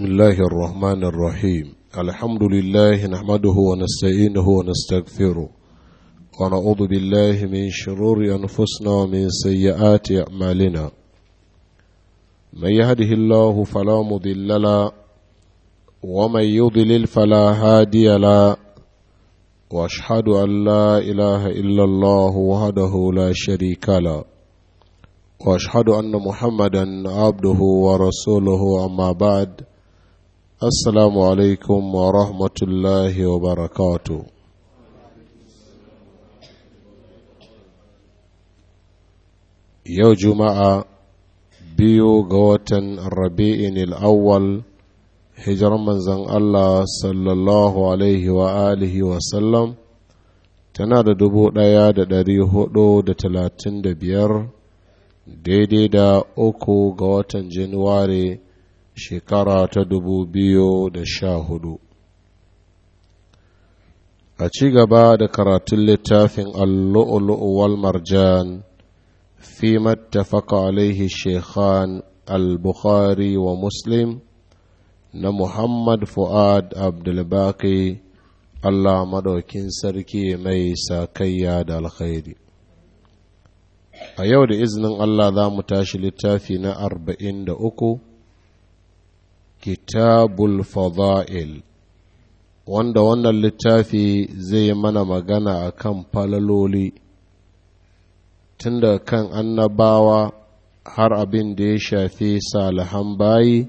بسم الله الرحمن الرحيم الحمد لله نحمده ونستعينه ونستغفره ونعوذ بالله من شرور أنفسنا ومن سيئات أعمالنا من يهده الله فلا مضل له ومن يضلل فلا هادي له واشهد أن لا إله إلا الله وحده لا شريك له واشهد ان محمدا عبده ورسوله اما بعد Assalamu alaikum wa rahmatullahi wa barakatu. Yau Juma'a biyu ga watan Rabi'in al'awwal, hijar manzan Allah sallallahu Alaihi wa wa sallam, tana da dubu ɗaya da ɗari huɗu da talatin da biyar, daidai da uku ga watan Januwari shekara ta dubu biyu da sha hudu a ci gaba da karatun littafin allu'ulu'u wal marjan fi mattafaka alaihi shekhan al-bukhari wa muslim na muhammad fu'ad abdulbaki allah maɗaukin sarki mai sakayya da alkhairi a yau da izinin allah za mu tashi littafi na arba'in da uku kitabul fada'il wanda wannan littafi zai mana magana a kan falaloli tun da kan annabawa har abin da ya shafi salihan bayi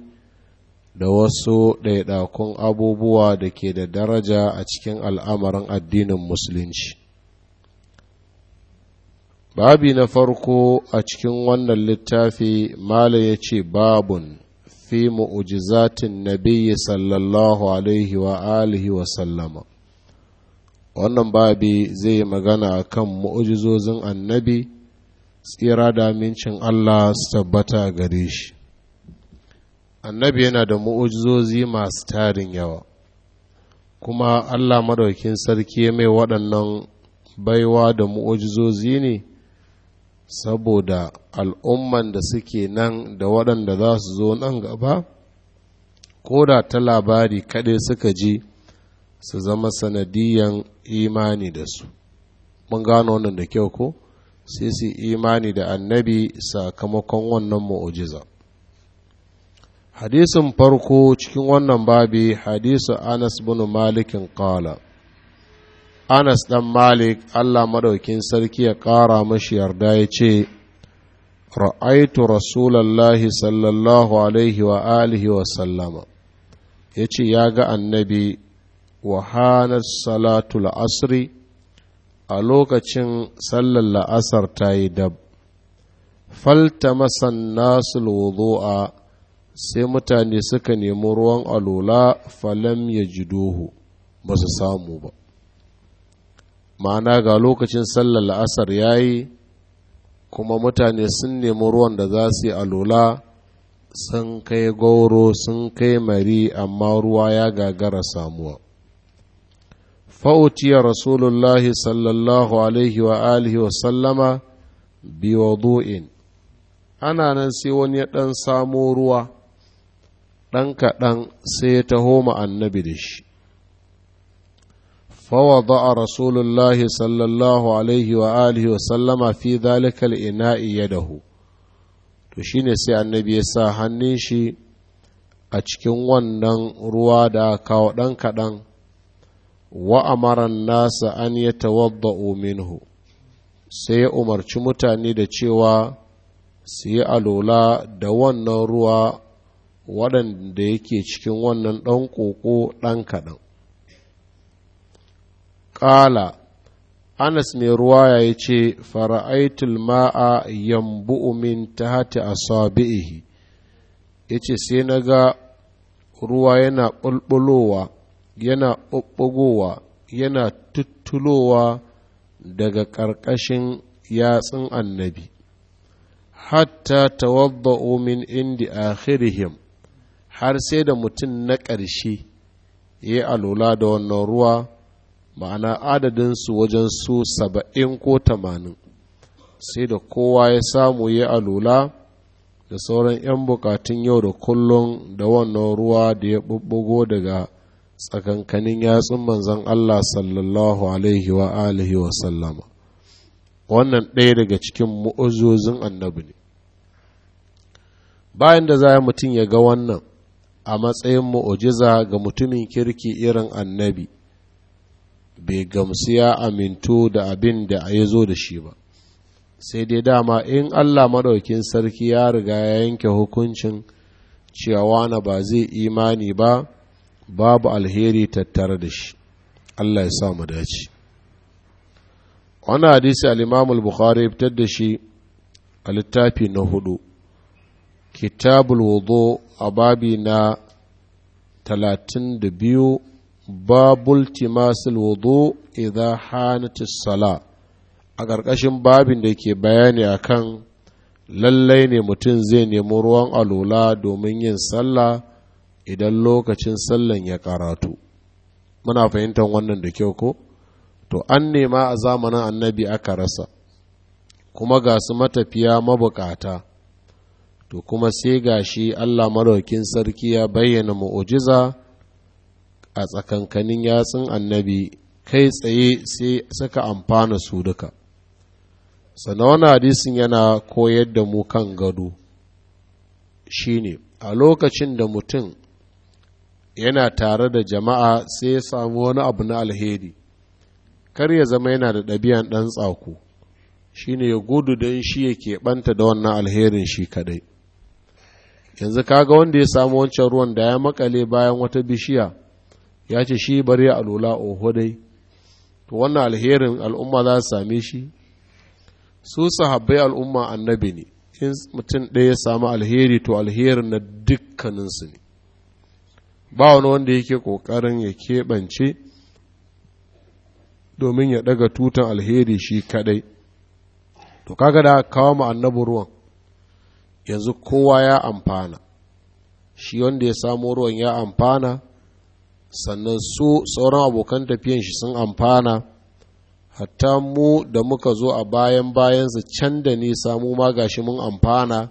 da wasu ɗaiɗakun abubuwa da ke da daraja a cikin al'amarin addinin musulunci babi na farko a cikin wannan littafi mala ya ce babun fi mu'ujizatin nabiyyi sallallahu wannan babi zai yi magana a kan mu'ujizozin annabi tsira da amincin Allah su tabbata gare shi annabi yana da mu'ujizozi masu tarin yawa kuma Allah maɗaukin sarki mai waɗannan baiwa da mu'ujizozi ne saboda al'umman da suke nan da waɗanda za su zo nan gaba ko da ta labari kaɗai suka ji su zama sanadiyan imani da su mun gano wannan da kyau ko sai su imani da annabi sakamakon wannan mu'ujiza hadisin farko cikin wannan babi hadisu anas bin malikin qala anas ɗan malik allah maɗaukin sarki ya ƙara mashi yarda ya ce ra'aitu rasulallahi sallallahu alaihi wa alihi wa sallama ya ce ya ga annabi hanar salatul asri a lokacin sallar la'asar ta yi dab falta masan nasul wudu'a sai mutane suka nemi ruwan alula falam ya ji dohu ba su samu ba ma'ana ga lokacin sallar la'asar ya yi kuma mutane sun nemi ruwan da za su yi al'ula sun kai goro sun kai mari amma ruwa ya gagara samuwa fa'utiya rasulullahi sallallahu alaihi wa alihi wa sallama biwadu'in ana nan sai wani ya ɗan samo ruwa ɗan kaɗan sai ya taho annabi da shi فوضع رسول الله صلى الله عليه وآله وسلم في ذلك الإناء يده to shine sai annabi ya sa hannun shi a cikin wannan ruwa da kawo ɗan kaɗan wa amaran nasa an ya tawadda'u minhu sai ya umarci mutane da cewa su yi alola da wannan ruwa waɗanda yake cikin wannan ɗan ƙoƙo ɗan kaɗan kala anas mai ruwa ya ce fara'aitul ma'a yambu'u min tahati asabi'ihi ya ce sai na ga ruwa yana ɓulɓulowa yana ɓuɓɓugowa yana tuttulowa daga ƙarƙashin yatsun annabi hatta tawadda'u min indi akhirihim har sai da mutum na ƙarshe ya yi alola da wannan ruwa ma'ana adadinsu wajen su saba'in ko tamanin sai da kowa ya samu ya alula da sauran 'yan bukatun yau da kullum da wannan ruwa da ya ɓuɓɓugo daga tsakankanin yatsun manzan Allah sallallahu alaihi wa alihi wa sallama wannan ɗaya daga cikin mu'uzozin annabi ne bayan da za mutum ya ga wannan a matsayin mu'ujiza ga mutumin kirki irin annabi bai gamsu ya aminto da abin da ya zo da shi ba sai dai dama in allah maɗaukin sarki ya riga ya yanke hukuncin cewa na ba zai imani ba babu alheri tattare da shi allah ya sa mu dace wani hadisi al'imamul bukhari fitar da shi a littafi na hudu kitabul wudu a babi na talatin da biyu babul timasil wudu idha hanatis sala a ƙarƙashin babin da ke bayani akan lallai ne mutum zai nemi ruwan alola domin yin sallah idan lokacin sallan ya karatu muna fahimtar wannan da kyau ko to an nema a zamanin annabi aka rasa kuma ga su matafiya mabukata to kuma sai gashi Allah maraukin sarki ya bayyana mu'ujiza a tsakankanin yatsun annabi kai tsaye sai suka amfana su duka sannan wani hadisin yana koyar da mu kan gado shine a lokacin da mutum yana tare da jama'a sai ya samu wani abu na alheri kar ya zama yana da ɗabi'an ɗan tsako shine ya gudu don shi ya keɓanta da wannan alherin shi kadai yanzu kaga wanda ya samu wancan ruwan da ya makale bayan wata bishiya ya ce shi bari a lola oho dai to wannan alherin al'umma za su same shi su sahabbai al'umma annabi ne in mutum ɗaya ya samu alheri to alherin na dukkaninsu ne ba wani wanda yake ƙoƙarin ya keɓance domin ya ɗaga tutan alheri shi kaɗai to kaga da kawo mu annabi ruwan yanzu kowa ya amfana shi wanda ya samu ruwan ya amfana sannan su sauran abokan tafiyan shi sun amfana hatta mu da muka zo a bayan bayansa can da nisa mu ma gashi mun amfana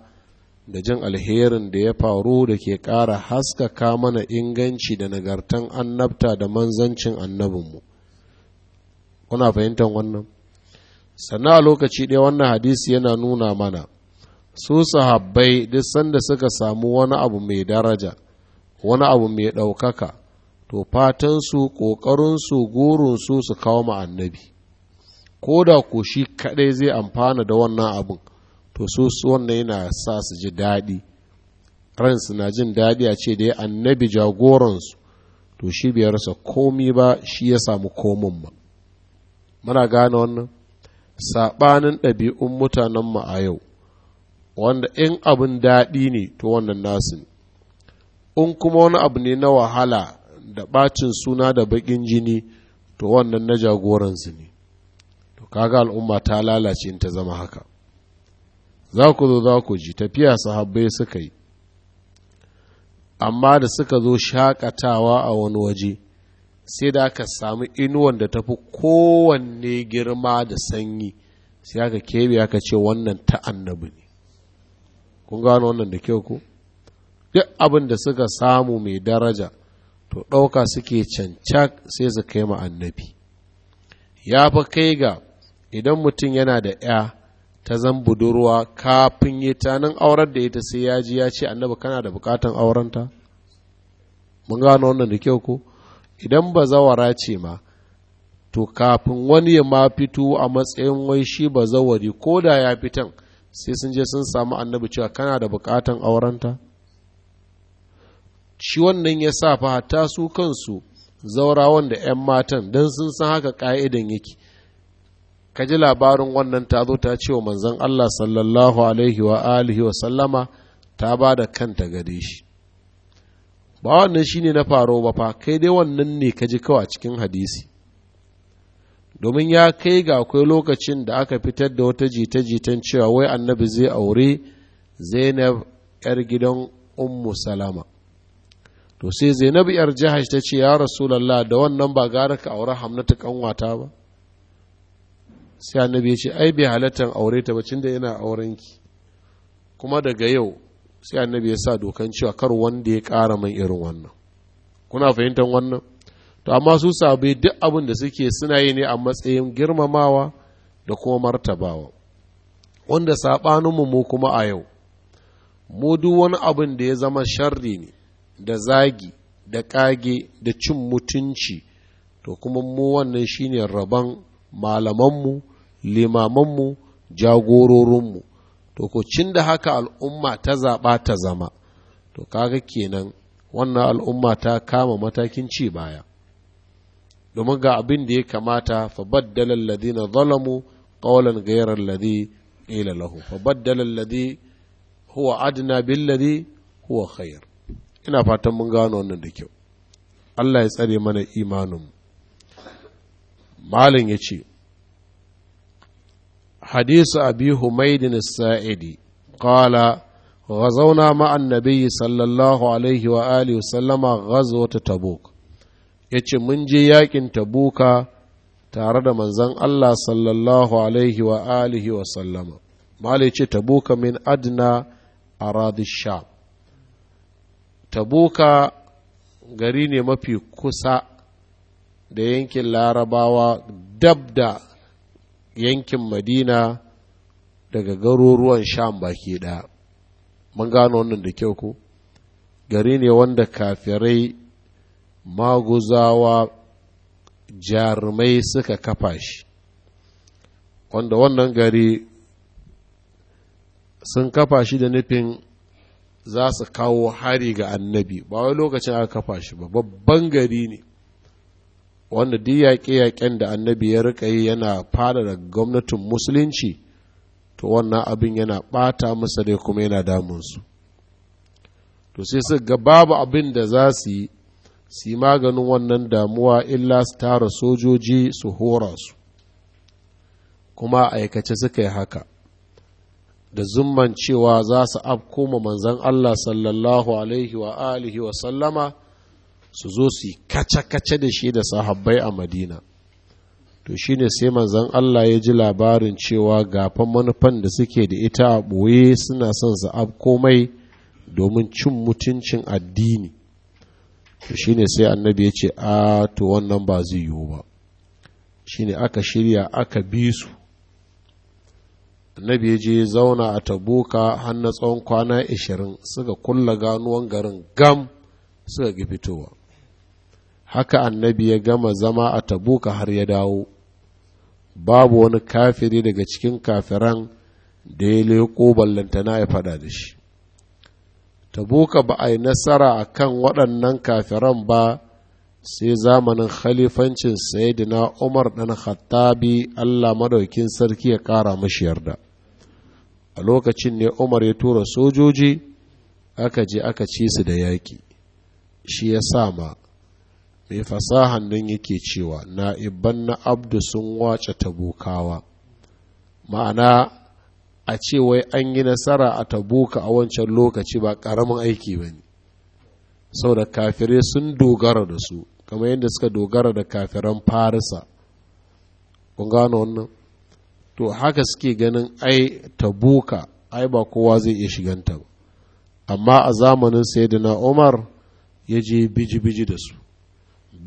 da jin alherin da ya faru da ke ƙara haskaka mana inganci da nagartan annabta da manzancin annabinmu kuna fahimtar wannan sannan a lokaci ɗaya wannan hadisi yana nuna mana su sahabbai duk sanda suka samu wani abu mai daraja wani abu mai ɗaukaka to fatansu ƙoƙarinsu gurinsu su kawo ma annabi ko da ko shi kaɗai zai amfana da wannan abin to su wannan yana sa su ji daɗi ransu na jin daɗi a ce da ya annabi jagoransu to shi bai rasa komi ba shi ya samu komin ba muna gane wannan saɓanin ɗabi'un mutanenmu a yau wanda in abin daɗi ne to wannan nasu ne in kuma wani abu ne na wahala da ɓacin suna da baƙin jini to wannan na jagoransu ne to kaga al'umma ta lalace in ta zama haka za ku zo za ku ji tafiya sahabbai suka yi amma da suka zo shakatawa a wani waje sai da aka samu inuwan da tafi kowanne girma da sanyi sai aka kebe aka ce wannan ta annabi ne kun gano wannan da kyau ko duk abin da suka samu mai daraja to ɗauka suke cancak sai su kai ma annabi ya fa kai ga idan mutum yana da ya ta zan budurwa kafin yi ta nan aurar da ita sai ya ji ya ce annabi kana da bukatan aurenta mun gano wannan da kyau ko idan ba zawara ce ma to kafin wani ya ma fito a matsayin wai shi ba zawari ko da ya fitan sai sun je sun samu annabi cewa kana da bukatan aurenta shi wannan ya sa fa hatta su kansu zaurawan da 'yan matan don sun san haka ka'idan yake ka ji labarin wannan ta zo ta ce wa manzon Allah sallallahu alaihi wa alihi wa sallama ta ba da kanta gare shi ba wannan ne na faro ba fa kai dai wannan ne ka ji kawa cikin hadisi domin ya kai ga akwai lokacin da aka fitar da wata jita-jitan cewa wai annabi zai aure zainab 'yar gidan ummu salama to sai zainabu yar jihar ta ce ya rasulallah da wannan ba gara ka aure hamnata kanwata ba sai annabi ya ce ai bai halatta aure ta ba da yana auren ki kuma daga yau sai annabi ya sa dokan cewa kar wanda ya kara man irin wannan kuna fahimtar wannan to amma su sabai duk abin da suke suna yi ne a matsayin girmamawa da kuma martabawa wanda saɓaninmu mu kuma a yau mu duk wani abin da ya zama sharri ne da zagi da ƙage da cin mutunci to kuma mu wannan shine rabon malamanmu limamanmu jagororinmu to ko cin da haka al'umma ta zaɓa ta zama to kaga kenan wannan al'umma ta kama matakin ci baya domin ga abin da ya kamata fa baddala alladhina zalamu qawlan ghayra alladhi qila lahu fa baddala alladhi huwa adna billadhi huwa khair ina fatan mun gano wannan da kyau Allah ya tsare mana imanin malin ya ce hadisu abi humaydin sa'idi qala غزونا مع النبي صلى wa عليه وآله وسلم غزوة تبوك yace mun je yakin tabuka tare da manzon Allah sallallahu alaihi wa alihi wa sallama mala yace tabuka min adna aradish sham tabuka gari ne mafi kusa da yankin larabawa dab da yankin madina daga garuruwan sham baki ɗaya mun gano wannan da kyau ko gari ne wanda kafirai maguzawa jarumai suka kafa shi wanda wannan gari sun kafa shi da nufin za su kawo hari ga annabi ba wai lokacin aka kafa shi ba babban gari ne wanda duk yaƙe-yaƙen da annabi ya rika yi yana fada da gwamnatin musulunci to wannan abin yana ɓata masa dai kuma yana damunsu to sai su ga babu abin da za su yi su yi maganin wannan damuwa illa su tara sojoji su hora su kuma aikace suka yi haka da zumman cewa za su afko ma manzan Allah sallallahu alaihi wa alihi wa sallama su zo su yi kaca kace da shi da sahabbai a madina to shine sai manzan Allah ya ji labarin cewa gafan manufan da suke da ita a ɓoye suna son su afko mai domin cin mutuncin addini to shine sai annabi ya ce a to wannan ba zai yiwu ba ne aka shirya aka bi su annabi ya je zauna a tabuka har na tsawon kwana ashirin suka kulla ganuwan garin gam suka gi fitowa haka annabi ya gama zama a tabuka har ya dawo babu wani kafiri daga cikin kafiran da ya leko ballantana ya fada da shi tabuka ba a yi nasara akan waɗannan kafiran ba sai zamanin khalifancin sayidina umar dan khattabi allah madaukin sarki ya kara mashi yarda a lokacin ne umar ya tura sojoji aka je aka ci su da yaki shi ya sa ma mai fasahan nan yake cewa na'ibban na abdu sun wace tabukawa ma'ana a ce wai an yi nasara a tabuka a wancan lokaci ba ƙaramin aiki ba ne saboda kafirai sun dogara da su kamar yadda suka dogara da kafiran farisa kun gano wannan to haka suke ganin ai tabuka ai ba kowa zai iya shiganta ba amma a zamanin na umar ya je biji-biji da su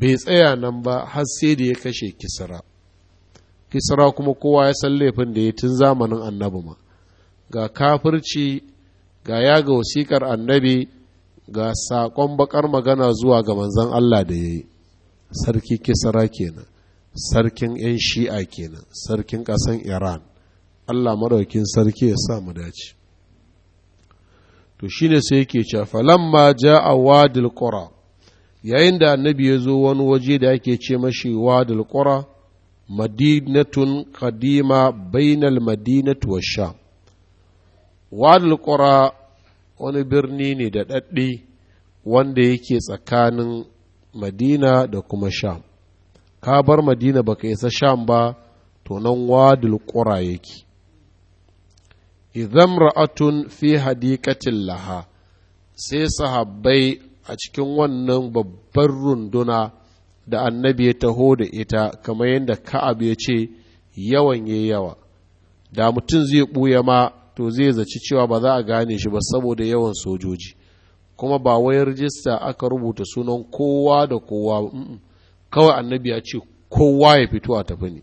bai tsaya nan ba har sai da ya kashe kisra kisra kuma kowa ya san laifin da ya tun zamanin annabi ma ga kafirci ga yaga wasikar annabi ga saƙon baƙar magana zuwa ga manzan Allah da ya yi sarki kisara kenan sarkin 'yan shi'a kenan sarkin ƙasan iran Allah maraukin sarki ya sa mu dace to shi ne sai yake cewa falamma a wadil ƙura yayin da annabi ya zo wani waje da ake ce mashi wadil ƙura madinatun kadima bainal madinatu washa wadil ƙura wani birni ne da ɗaɗɗi wanda yake tsakanin madina da kuma sham ka bar madina baka isa sham ba to nan wadul ƙura yake idan ra'atun fi hadikatin laha sai sahabbai a cikin wannan babbar runduna da annabi ya taho da ita kamar yadda ka'ab ya ce yawan ya yawa da mutum zai ɓuya ma to zai zaci cewa ba za a gane shi ba saboda yawan sojoji kuma ba wai rijista aka rubuta sunan kowa da kowa kawai annabi ya ce kowa ya fito a tafi ne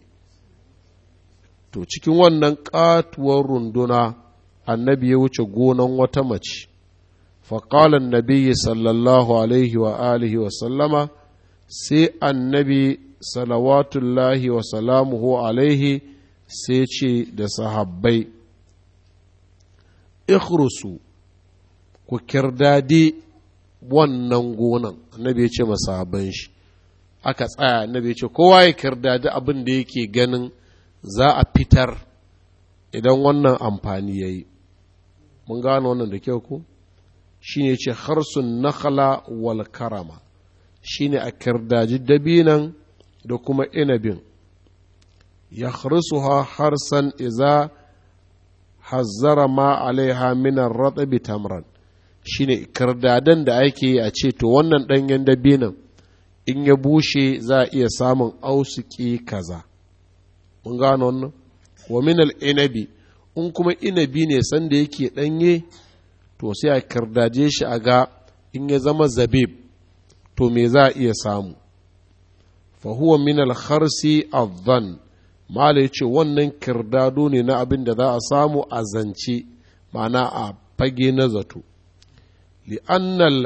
to cikin wannan katuwar runduna annabi ya wuce gonan wata mace sallallahu alaihi wa alihi wa sallama sai annabi salawatullahi wa صلوات alaihi sai ce da sahabbai. ikhrusu ku kirdadi wannan gonan annabi ya ce masahaban shi aka tsaya annabi ya ce kowa ya kirdadi abin da yake ganin za a fitar idan wannan amfani ya yi mun gano wannan da kyau ku shi ne ce harsun nakhala wal karama shi ne a kirdaji dabinan da kuma inabin ya harsan iza hazzara ma alaiha minar bi tamran ne kardaden da ake yi a ce to wannan ɗanyen dabinan in ya bushe za a iya samun ausuki kaza mun gano wannan wa minal inabi in kuma inabi ne sanda yake ɗanye to sai a kardaje shi a ga in ya zama zabib to me za a iya samu fa huwa minal kharsi adhan mala ce wannan kirdado ne na abin da za a samu a zance mana a fage na zato li'annal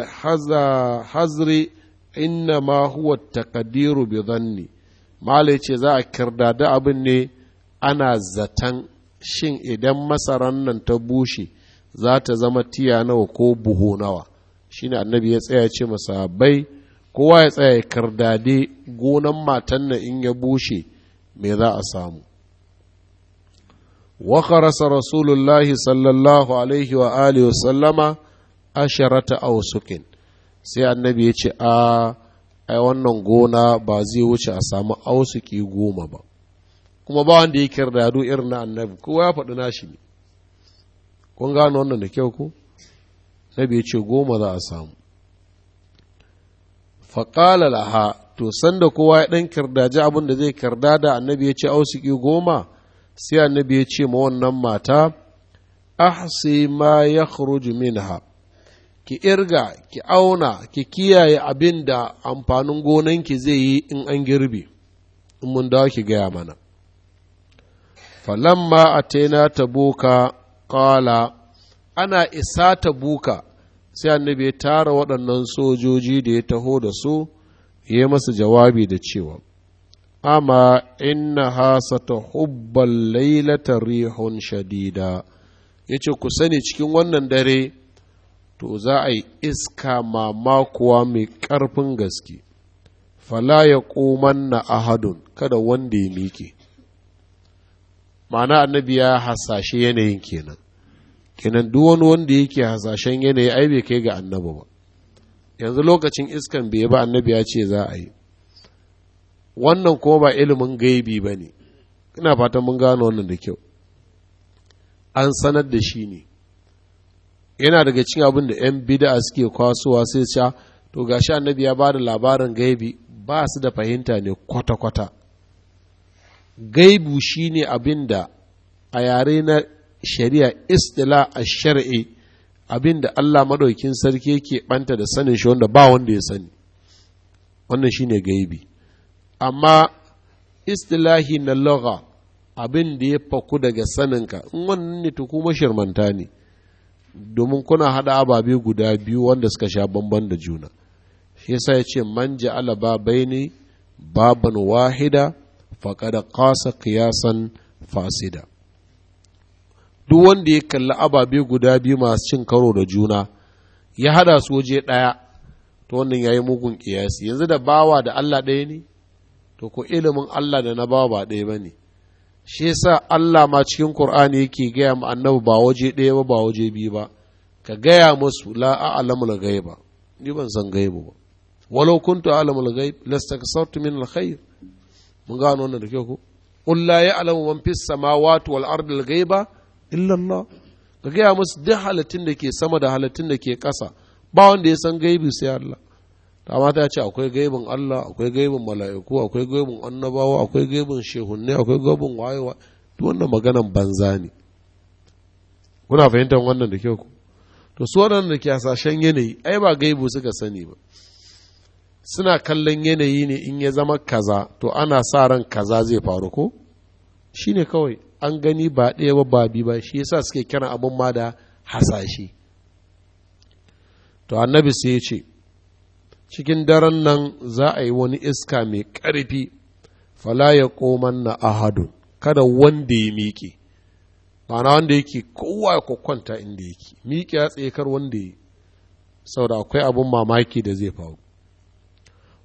hazri inna ma huwa takadiru bi zanni mala ce za a kirdada abin ne ana zaton shin idan masaran nan ta bushe za ta zama tiya nawa ko buhu nawa shine annabi ya tsaya ce bai kowa ya tsaya ya kardade gonan matan nan in ya bushe me za a samu wakarasa rasulullahi sallallahu alaihi wa alihi sallama asharata ausukin sai annabi ya ce a ai wannan gona ba zai wuce a samu ausuki goma ba kuma ba wanda ya kirdadu irin na annabi kowa ya faɗi nashi ne kun gano wannan da kyau ko nabi ya ce goma za a samu faƙala laha to sanda kowa ya ɗan kirdaji abinda zai karda da annabi ya ce ausiki goma sai annabi ya ce ma wannan mata ahsi ma ya minha ki irga ki auna ki kiyaye abin da amfanin gonanki zai yi in an girbi in mun dawo ki gaya mana falamma a taina ta buka Kala ana isa ta buka sai annabi ya tara waɗannan sojoji da ya taho da su ya masa jawabi da cewa amma inna hasata hubban lailata rihun shadida ya ce ku sani cikin wannan dare to za a yi iska mamakuwa mai karfin gaske fala ya koman na ahadun kada wanda ya miƙe ma'ana annabi ya hasashe yanayin kenan kenan duk wani wanda yake hasashen yanayi ai bai kai ga annabi ba yanzu lokacin iskan bai ba annabi ya ce za a yi wannan kuma ba ilimin gaibi ba ne ina fatan mun gano wannan da kyau an sanar da shi ne yana daga cin abin da 'yan bida suke kwasowa sai sha to gashi annabi ya ba da labarin gaibi ba su da fahimta ne kwata-kwata gaibu shine abin da a yare na shari'a istila a shari'i abin da Allah maɗaukin sarki yake ɓanta da sanin shi wanda ba wanda ya sani wannan shi ne gaibi amma istilahi na lagha abin da ya faku daga saninka in wannan ne to kuma shirmanta ne domin kuna haɗa ababe guda biyu wanda suka sha bamban da juna shi yasa ya ce man ja'ala babaini baban wahida faqad qasa kiyasan fasida duk wanda ya kalli ababe guda biyu masu cin karo da juna ya hada su waje ɗaya to wannan ya yi mugun ƙiyasi yanzu da bawa da Allah ɗaya ne to ko ilimin Allah da na bawa ba ɗaya ba ne shi yasa Allah ma cikin Kur'ani yake gaya mu annabi ba waje ɗaya ba ba waje biyu ba ka gaya musu la a'lamul ghaiba ni ban san ghaibu ba walau kuntu a'lamul ghaib lastaksartu min alkhair mun gano wannan da kyau ko qul la ya'lamu man fis samawati wal ardi al ghaiba illallah ka gaya musu duk halittun da ke sama da halittun da ke ƙasa ba wanda ya san gaibi sai Allah amma ta ce akwai gaibin Allah akwai gaibin mala'iku akwai gaibin annabawa akwai gaibin shehunne akwai gaibin wayewa duk wannan maganan banza ne kuna fahimtar wannan da kyau to su da ke hasashen yanayi ai ba gaibu suka sani ba suna kallon yanayi ne in ya zama kaza to ana sa ran kaza zai faru ko shi ne kawai an gani ba ɗaya ba ba biyu ba shi yasa suke kiran abin ma da hasashe to annabi sai ya ce cikin daren nan za a yi wani iska mai ƙarfi fala ya koman na ahadu kada wanda ya miƙe ma'ana wanda yake kowa ya kwakwanta inda yake miƙe ya tsaye kar wanda ya saboda akwai abin mamaki da zai faru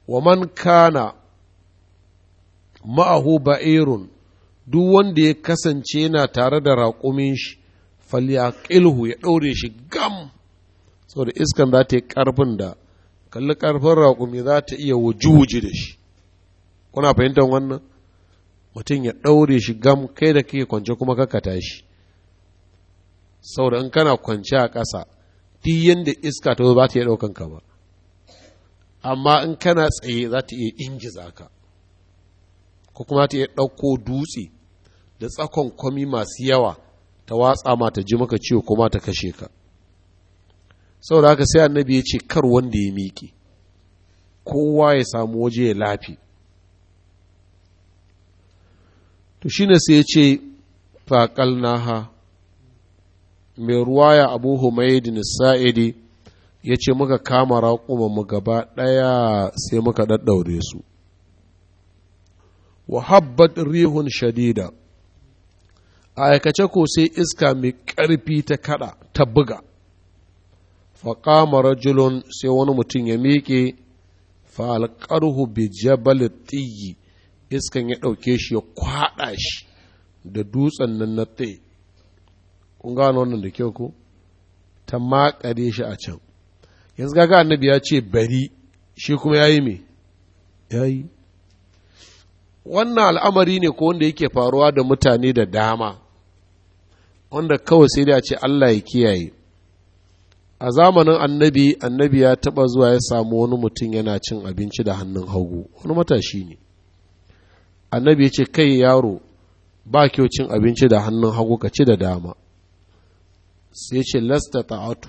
wa man kana ma'ahu ba'irun duk wanda ya kasance yana tare da raƙumin shi falyaqilhu ya ɗaure shi gam saboda iskan za ta yi ƙarfin da kalli ƙarfin raƙumi za ta iya wuji-wuji da shi kuna fahimtar wannan mutum ya ɗaure shi gam kai da kake kwance kuma ka kata shi saboda in kana kwance a ƙasa duk yadda iska ta zo za ta iya ɗaukan ka ba amma in kana tsaye za ta iya ingiza ka ko kuma ta iya ɗauko dutse da tsakon kwami masu yawa ta watsa ma ta ji maka ciwo kuma ta kashe ka saboda haka sai annabi ya ce kar wanda ya miƙe kowa ya samu waje ya lafi to ne sai ya ce Naha. mai ruwa ya abu humaydin sa'idi ya ce muka kama mu gaba ɗaya sai muka ɗaɗɗaure su wa habbat rihun shadida a aikace ko sai iska mai ƙarfi ta kada ta buga faƙama rajulun sai wani mutum ya miƙe falƙarhu bi jabal tiyi iskan ya ɗauke shi ya kwaɗa shi da dutsen nan na tsaye kun gano wannan da kyau ko ta makare shi a can yanzu gaga annabi ya ce bari shi kuma ya yi me ya yi wannan al'amari ne ko wanda yake faruwa da mutane da dama wanda kawai sai dai a ce Allah ya kiyaye a zamanin annabi annabi ya taba zuwa ya samu wani mutum yana cin abinci da hannun hagu wani matashi ne annabi ya ce kai yaro ba kyau cin abinci da hannun hagu ka ci da dama sai ce lasta ta'atu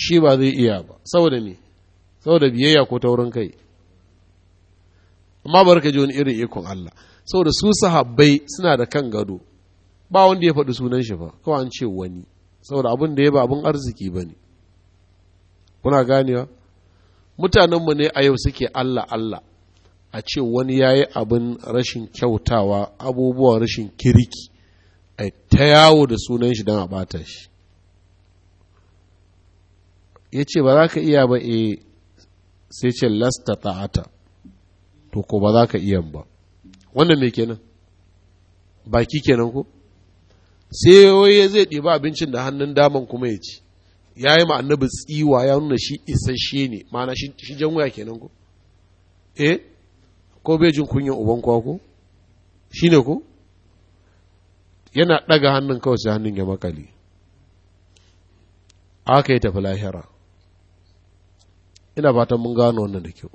shi ba zai iya ba saboda me saboda biyayya ko taurin kai amma barka ji wani irin ikon Allah saboda su sahabbai suna da kan gado ba wanda ya faɗi sunan shi ba kawai an ce wani saboda abin da ya ba abin arziki ba ne kuna ganewa mutanenmu ne a yau suke allah allah a ce wani ya yi abin rashin kyautawa abubuwan rashin kirki a ta yawo da sunan shi don a bata shi ya ce ba za ka iya ba e sai ce lasta ta'ata to ko ba za ka iya ba wannan me kenan baki kenan ko sai yoye zai ɗiba abincin da hannun daman kuma ya ci ya yi annabi tsiwa ya nuna shi isasshe ne mana shi jan waya kenan ko eh ko bai jin kunyan uban kwa ko shi ne ko yana ɗaga hannun kawai sai hannun ya makale aka yi tafi lahira ina fatan mun gano wannan da kyau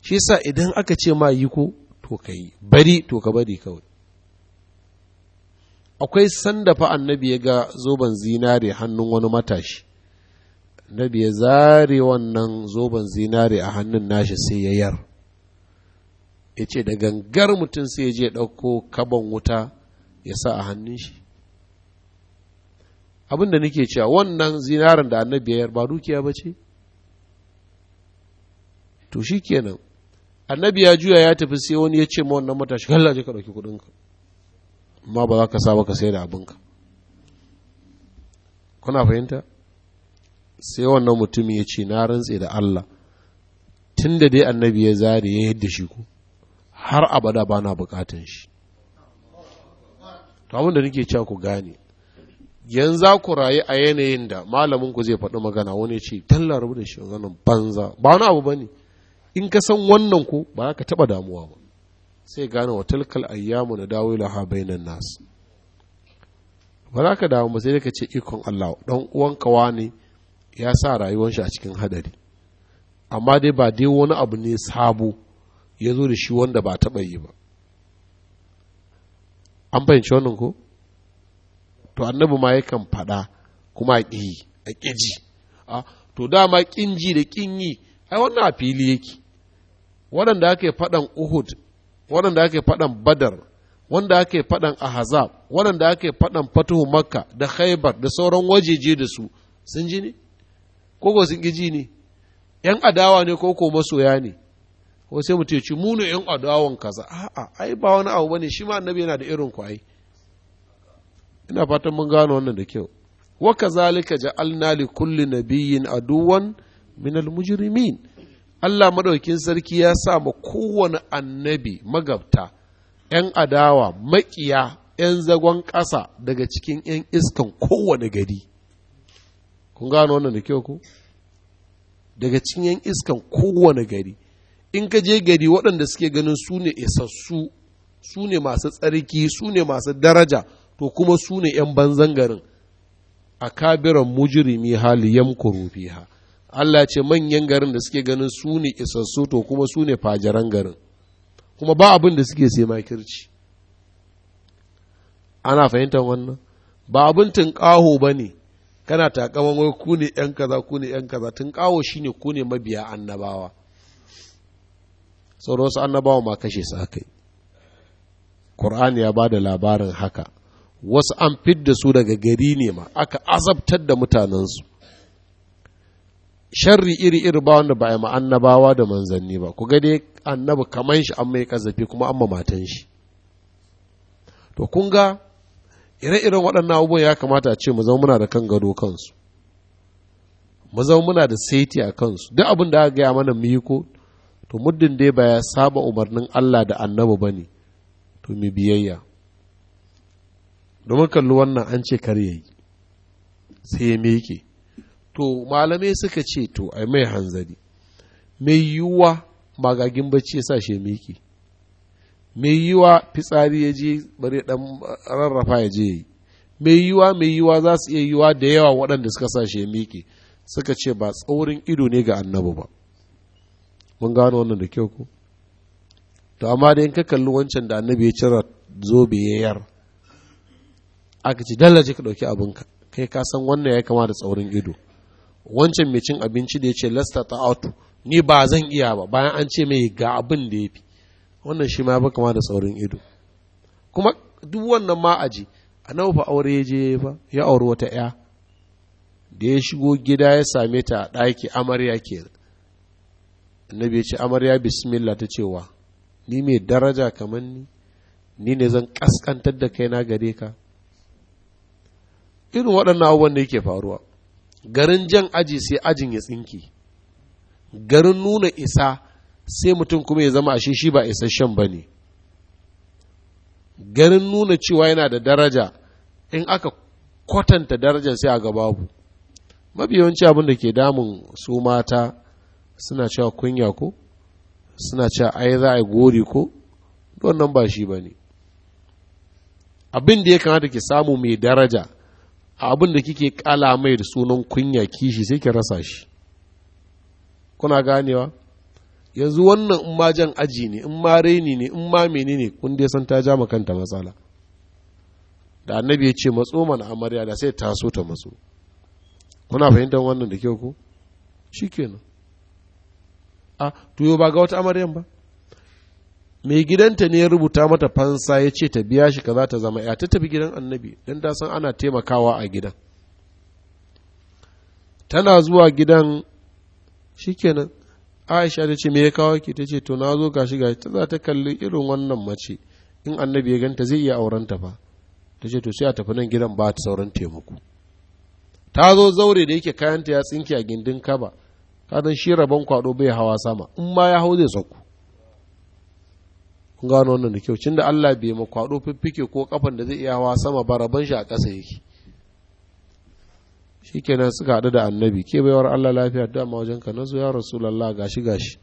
shi sa idan aka ce ma yi ko to ka yi bari to ka bari kawai akwai sanda fa annabi ya ga zoben zinare hannun wani matashi annabi ya zare wannan zoben zinare a hannun nashi sai ya yar ya ce da gangar mutum sai ya je ɗauko kaban wuta ya sa a hannun shi abin da nake cewa wannan zinarin da annabi ya yar ba dukiya ba ce to shi kenan annabi ya juya ya tafi sai wani ya ce ma wannan matashi kallaje ka ɗauki kuɗinka amma ba za ka sa ka sai da abinka kuna fahimta sai wannan mutumin ya ce na rantse da Allah tun da dai annabi ya zare ya yadda shi ku har abada ba na bukatan shi to abin da nake cewa ku gane yanzu za ku rayu a yanayin da malamin ku zai faɗi magana wani ce talla rubu da shi banza ba wani abu bane in ka san wannan ku ba ka taɓa damuwa ba sai gane wa tilkal ayyamu na dawo laha bainan nas ba za ka damu ba sai ka ce ikon Allah dan uwanka wani ya sa rayuwar shi a cikin hadari amma dai ba dai wani abu ne sabo ya zo da shi wanda ba taɓa yi ba an fahimci wannan ko to annabi ma yakan faɗa kuma a ƙi a ƙiji a to dama ƙin ji da ƙin yi ai wannan a fili yake waɗanda aka yi faɗan uhud waɗanda ake faɗan badar wanda ake faɗan ahazab waɗanda ake faɗan fatuhu makka da khaibar da sauran wajeje da su sun ji ne ko ko sun ji ne yan adawa ne ko ko masoya ne ko sai mutum ya ci munu yan adawan kaza a'a ai ba wani abu bane shi ma annabi yana da irin ku ina fatan mun gano wannan da kyau wa kazalika ja'alna li kulli nabiyyin aduwan min al mujrimin Allah maɗaukin sarki ya sa ma kowane annabi magabta, ‘yan adawa, maƙiya, ‘yan zagon ƙasa daga cikin ‘yan iskan kowane gari. Kun gano wannan da kyau ku? Daga cikin ‘yan iskan kowane gari. In ka je gari waɗanda suke ganin su ne isassu, su ne masu tsarki, su ne masu daraja, to kuma su ne ‘yan banzan garin. A kabiran mujirimi hali yamkuru fiha. Allah ce manyan garin da suke ganin su ne isassu to kuma su ne fajaran garin kuma ba abin da suke sai makirci ana fahimtar wannan ba abin tunƙaho ba ne kana takaman wai ku ne ‘yan kaza ku ne ‘yan kaza tun kaho shi ne ku ne mabiya annabawa sauran wasu annabawa ma kashe su aka yi ya ba da labarin haka wasu an fidda su daga gari ne ma aka azabtar da mutanensu sharri iri iri ba wanda ba a annabawa da manzanni ba ku ga dai annabi kaman shi an mai kazafi kuma an mamatan shi to kun ga ire-iren waɗannan abubuwan ya kamata a ce mu zama muna da kan gado kansu mu zama muna da saiti a kansu duk abin da aka gaya mana mu yi ko to muddin dai ba ya saba umarnin Allah da annabi ba ne to mu biyayya domin kalli wannan an ce kar yayi sai ya miƙe. to malamai suka ce to ai mai hanzari mai yiwuwa magagin bacci ya sa shi miki mai yiwuwa fitsari ya je bare dan rarrafa ya je yi mai yiwuwa mai yiwuwa za su iya yiwuwa da yawa waɗanda suka sa shi miki suka ce ba tsaurin ido ne ga annabi ba mun gano wannan da kyau ko to amma da in ka kalli wancan da annabi ya cira zobe ya yar aka ce dallace ka ɗauki abinka kai ka san wannan ya kama da tsaurin ido wancan mai cin abinci da ya ce lasta auto ni ba zan iya ba bayan an ce mai ga abin da ya fi wannan shi ma ba kama da saurin ido kuma duk wannan ma aji a nawa fa aure ya je fa ya auri wata ya da ya shigo gida ya same ta a ɗaki amarya ke na ya ce amarya bismillah ta cewa ni mai daraja kamar ni ni ne zan kaskantar da kaina gare ka irin waɗannan abubuwan da yake faruwa garin jan aji sai ajin ya tsinki garin nuna isa sai mutum kuma ya zama ashe shi ba isasshen ba ne garin nuna cewa yana da daraja in aka kwatanta darajar sai a babu mabiyawanci abin da ke damun su mata suna cewa kunya ko suna cewa ai za a gori ko wannan ba shi ba ne abin da ya kamata ke samu mai daraja abin da kike kala mai da sunan kunya kishi sai ki rasa shi kuna ganewa yanzu wannan in ma jan aji ne in ma raini ne in ma ne kun dai san ta ja kanta matsala da annabi ya ce matso mana amarya da sai taso ta matso Kuna fahimtar wannan da kyau ko shikenan a ah, to ba ga wata amaryan ba mai gidanta ne ya rubuta mata fansa ya ce ta biya shi kaza ta zama ya ta tafi gidan annabi don ta san ana taimakawa a gidan tana zuwa gidan shikenan aisha ta ce me ya kawo ki ta ce to na zo gashi gashi ta za ta kalli irin wannan mace in annabi ya ganta zai iya aurenta fa ta ce to sai a tafi nan gidan ba ta sauran taimako ta zo zaure da yake kayanta ya tsinke a gindin kaba kadan shi rabon kwado bai hawa sama in ma ya hau zai sauko kun gano wannan da kyau cin da Allah bai ma kwado fiffike ko kafan da zai iya hawa sama ba rabon shi a ƙasa yake shikenan suka haɗu da annabi ke baiwar Allah lafiya da amma wajen ka nazo ya rasulullah gashi gashi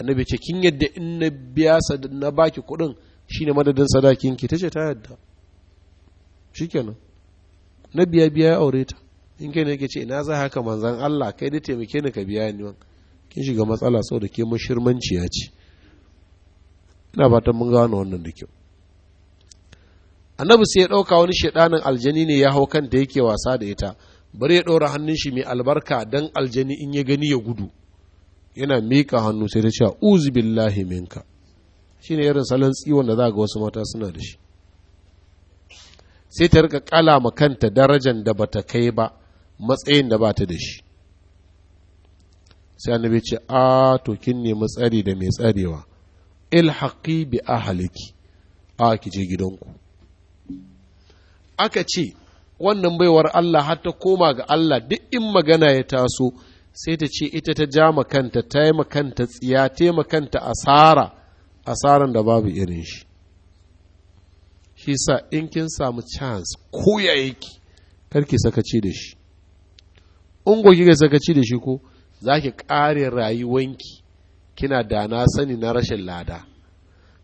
annabi ce kin yadda in na biya na baki kuɗin shine madadin sadakin ki tace ta yadda shikenan na biya biya ya aure ta in kai ne ce ina za haka manzan Allah kai da taimake ni ka biya ni kin shiga matsala saboda ke mushirmanciya ce ina ba ta mun gano wannan da kyau annabi sai ya ɗauka wani shaidanin aljani ne ya hau kanta yake wasa da ita bari ya ɗora hannun shi mai albarka dan aljani in ya gani ya gudu yana miƙa hannu sai ta ce uzu billahi minka shine irin salon tsiwon da za ga wasu mata suna da shi sai ta rika kala ma kanta darajan da bata kai ba matsayin da bata da shi sai annabi ce a to kin nemi tsari da mai tsarewa ilhaqi bi ahliki a ki je gidanku aka ce wannan baiwar Allah har koma ga Allah duk in magana ya taso sai ta ce ita ta ja makanta ta yi makanta tsiya ta yi makanta asara asaran da babu irin shi shi sa in kin samu chance ko ya ki karki sakaci da shi ungo ki ga sakaci da shi ko za ki ƙare rayuwanki kina da na sani na rashin lada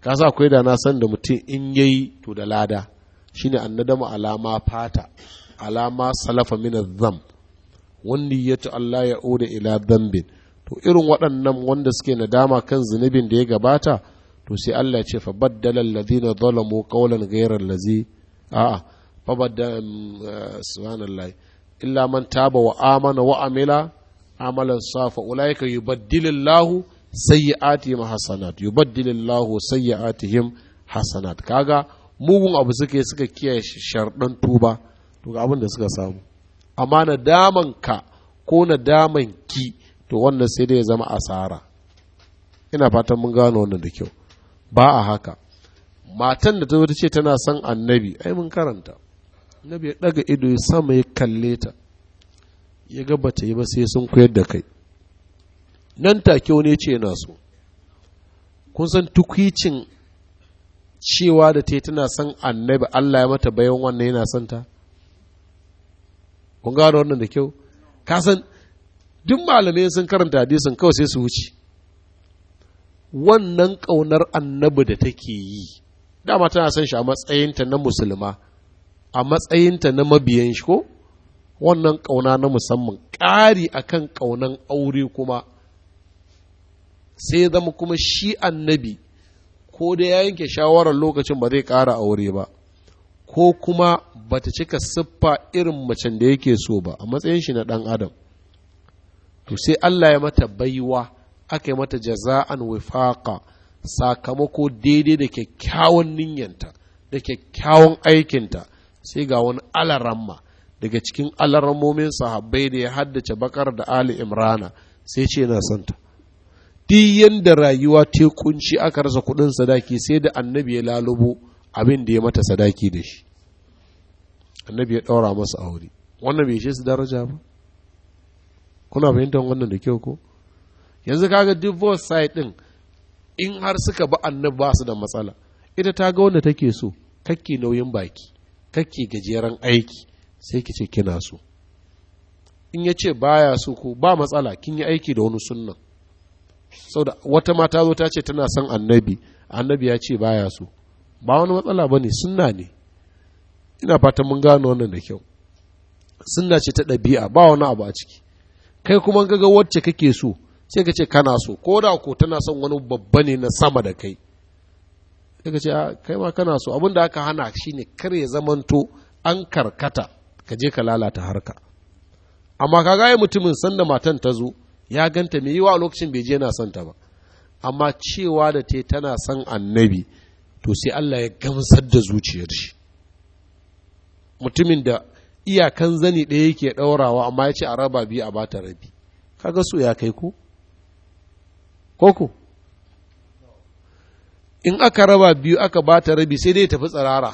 ka sa akwai da na san da mutum in yayi to da lada shine annadamu alama fata alama salafa min zam wanda ya ci Allah ya oda ila zambin to irin waɗannan wanda suke nadama kan zunubin da ya gabata to sai Allah ya ce fa baddala alladhina zalamu qawlan ghayra allazi a'a fa baddala mm, eh, subhanallahi illa man taba wa amana wa amila amalan safa ulaika allahu sayyi'atihim hasanat yubaddilillahu sayyi'atihim hasanat kaga mugun abu suke suka kiyaye sharɗan tuba to ga abin da suka samu amma na daman ka ko na daman ki to wannan sai dai ya zama asara ina fatan mun gano wannan da kyau ba a haka matan da ta ta ce tana son annabi ai mun karanta annabi ya daga ido ya sama ya kalle ta ya ga bata yi ba sai sun koyar da kai nan take wani ce yana so kun san tukwicin cewa da ta tana son annabi Allah ya mata bayan wannan yana son ta kun gano wannan da kyau ka san duk malamai sun karanta hadisin kawai sai su wuce wannan ƙaunar annabi da take yi dama tana son shi a matsayinta na musulma a matsayinta na mabiyan shi ko wannan ƙauna na musamman ƙari akan ƙaunan aure kuma sai zama kuma shi annabi ko da ya yanke shawarar lokacin ba zai ƙara aure ba ko kuma ba ta cika siffa irin macen da yake so ba a matsayin shi na ɗan adam to sai Allah ya mata baiwa aka yi mata jaza'an wifaqa sakamako daidai da kyakkyawan ninyanta da kyakkyawan aikinta sai ga wani alaramma daga cikin alarammomin sahabbai da ya haddace bakar da ali imrana sai ce na santa duk yadda rayuwa ta kunci aka rasa kudin sadaki sai da annabi ya lalubo abin da ya mata sadaki da shi annabi ya ɗaura masa aure wannan bai shi su daraja ba kuna fahimtar wannan da kyau ko yanzu kaga divorce side din in har suka ba annabi ba su da matsala ita ta ga wanda take so kakke nauyin baki kakke gajeren aiki sai ki ce kina so in ya ce baya so ko ba matsala kin yi aiki da wani sunnan sau da wata mata zo ta ce tana son annabi annabi ya ce baya so ba wani matsala ba ne sunna ne ina fatan mun gano wannan da kyau sunna ce ta ɗabi'a ba wani abu a ciki kai kuma ga wacce kake so sai ka ce kana so ko da ko tana son wani babba ne na sama da kai sai ka ce ah, kai ma kana so abin da aka hana shine kar ya zamanto an karkata ka je ka lalata harka amma ka ai mutumin sanda matan ta zo ya ganta mai yiwa a lokacin bai je yana son ta ba amma cewa da te tana son annabi to sai Allah ya gamsar da zuciyar shi mutumin da iyakan zani ɗaya yake ɗaurawa amma ya ce a raba biyu a bata rabi kaga so ya kai ku koko in aka raba biyu aka bata rabi sai dai tafi tsirara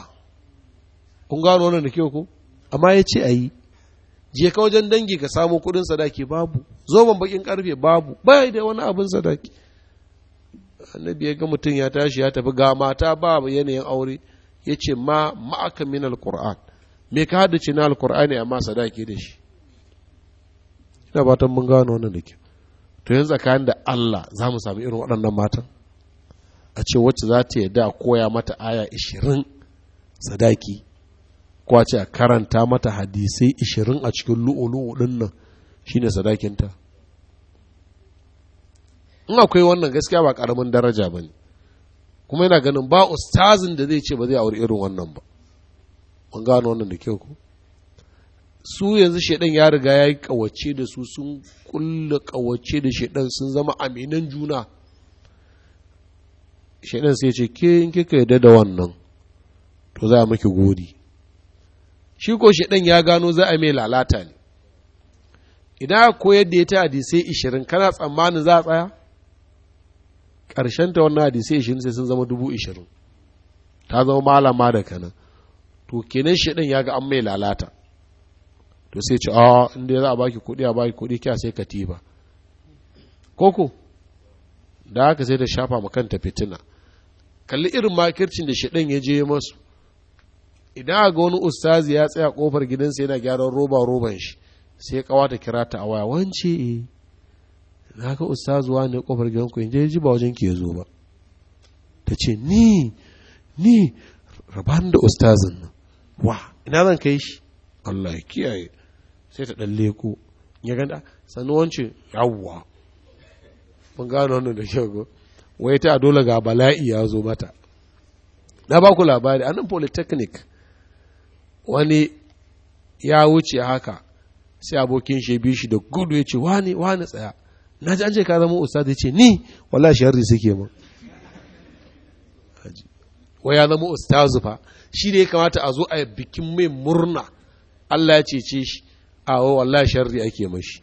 kun gano wannan da kyau ko amma ya ce a yi je ka wajen dangi ka samu kuɗin sadaki babu zoben bakin karfe babu bai da wani abin sadaki annabi ya ga mutum ya tashi ya tafi ga mata ba yanayin aure ya ce ma ma'aka min alkur'an me ka haddace na ya ma sadaki da shi ina batan mun gano wannan da to yanzu tsakanin da Allah za mu sami irin waɗannan matan a ce wacce za ta yadda a koya mata aya ishirin sadaki kwace a karanta mata hadisai ishirin a cikin lu'ulu'u ɗin nan shine sadakinta in akwai wannan gaskiya ba karamin daraja ba ne kuma yana ganin ba ustazin da zai ce ba zai auri irin wannan ba mun gano wannan da kyau ko su yanzu shaidan ya riga ya yi kawace da su sun kulla kawace da shaidan sun zama aminan juna shaidan sai ce ke in kika yarda da wannan to za a miki gori shi ko ɗan ya gano za a mai lalata ne idan aka koyar da ta hadisai ishirin kana tsammanin za a tsaya ƙarshen ta wannan hadisai ishirin sai sun zama dubu ishirin ta zama malama da kanan to kenan shi ɗan ya ga an mai lalata to sai ce a ah, inda za a baki kuɗi a baki kuɗi kya sai katiba koko da haka sai ta shafa ma kanta fitina kalli irin makircin da shi ɗan ya je masu idan ga wani ustazi ya tsaya kofar gidansa yana gyaran roba roban shi sai kawa ta kira ta a waya wance e na ga wa ne kofar gidanku in je ji ba wajen ke zo ba ta ce ni ni raban da ustazin nan wa ina zan kai shi Allah ya kiyaye sai ta dalle ku ya ganda sannu wance yawwa mun gano wannan da kyau wai ta dole ga bala'i ya zo mata na ba ku labari a nan polytechnic wani ya wuce haka sai abokin shi bi shi da gudu ya ce wani wani tsaya na ji an ce ka zama ustaz ya ce ni wala shi harri suke mun waya zama ustazu fa shi ne ya kamata a zo a bikin mai murna Allah ya cece shi a wa shi sharri ake mashi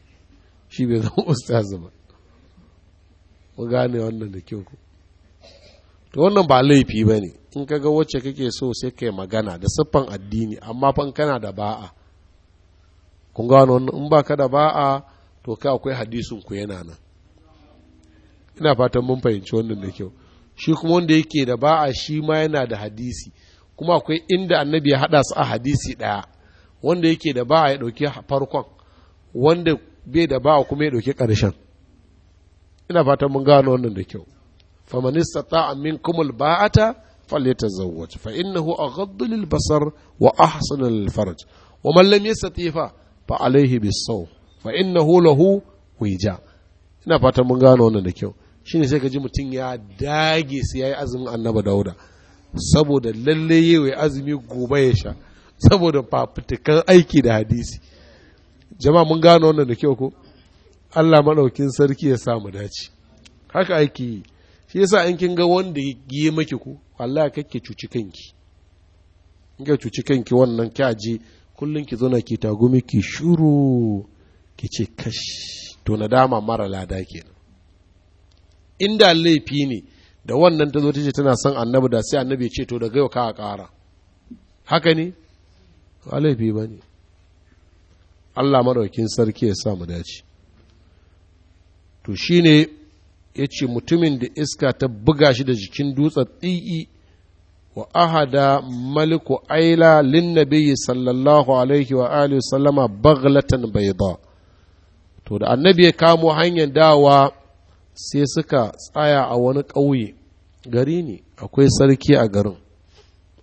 shi bai zama ustazu ba mu gane wannan da kyau to wannan ba laifi ba ne in kaga wacce kake so sai kai magana da siffan addini amma fa kana da ba'a kun gano in baka da ba'a to kai akwai hadisin ku yana nan ina fatan mun fahimci wannan da kyau shi kuma wanda yake da ba'a shi ma yana da hadisi kuma akwai inda annabi ya hada su a hadisi daya wanda yake da ba'a ya dauki farkon wanda bai da ba'a kuma ya dauki karshen ina fatan mun gano wannan da kyau famanista istata'a minkum baata falyatazawwaj fa innahu aghaddu lil basar wa ahsanu lil wa man lam yastati fa fa alayhi fa innahu lahu wija ina fatan mun gano wannan da kyau shine sai ka ji mutum ya dage sai yayi azumin annaba dauda saboda lalle yayi azumi gobe ya sha saboda fafutukan aiki da hadisi jama'a mun gano wannan da kyau ko Allah maɗaukin sarki ya samu dace haka aiki shi yasa in kin ga wanda ya yi maki ko allah kake cuci kanki in ka cuci kanki wannan kyaji kullum ki zauna ki tagumi ki shuru ki ce kash to nadama mara lada kenan inda laifi ne da wannan ta zo ta ce tana son annabi da sai annabi ce to da gaiwa ka kara haka ne ba laifi ba ne Allah maraukin sarki ya sa mu dace to shine ya ce mutumin da iska ta buga shi da jikin dutsen ɗi'i wa ahada maliku aila linnabiyyi sallallahu alaihi wa alihi sallama baglatan bayda to da annabi ya kamo hanyar dawa sai suka tsaya a wani ƙauye gari ne akwai sarki a garin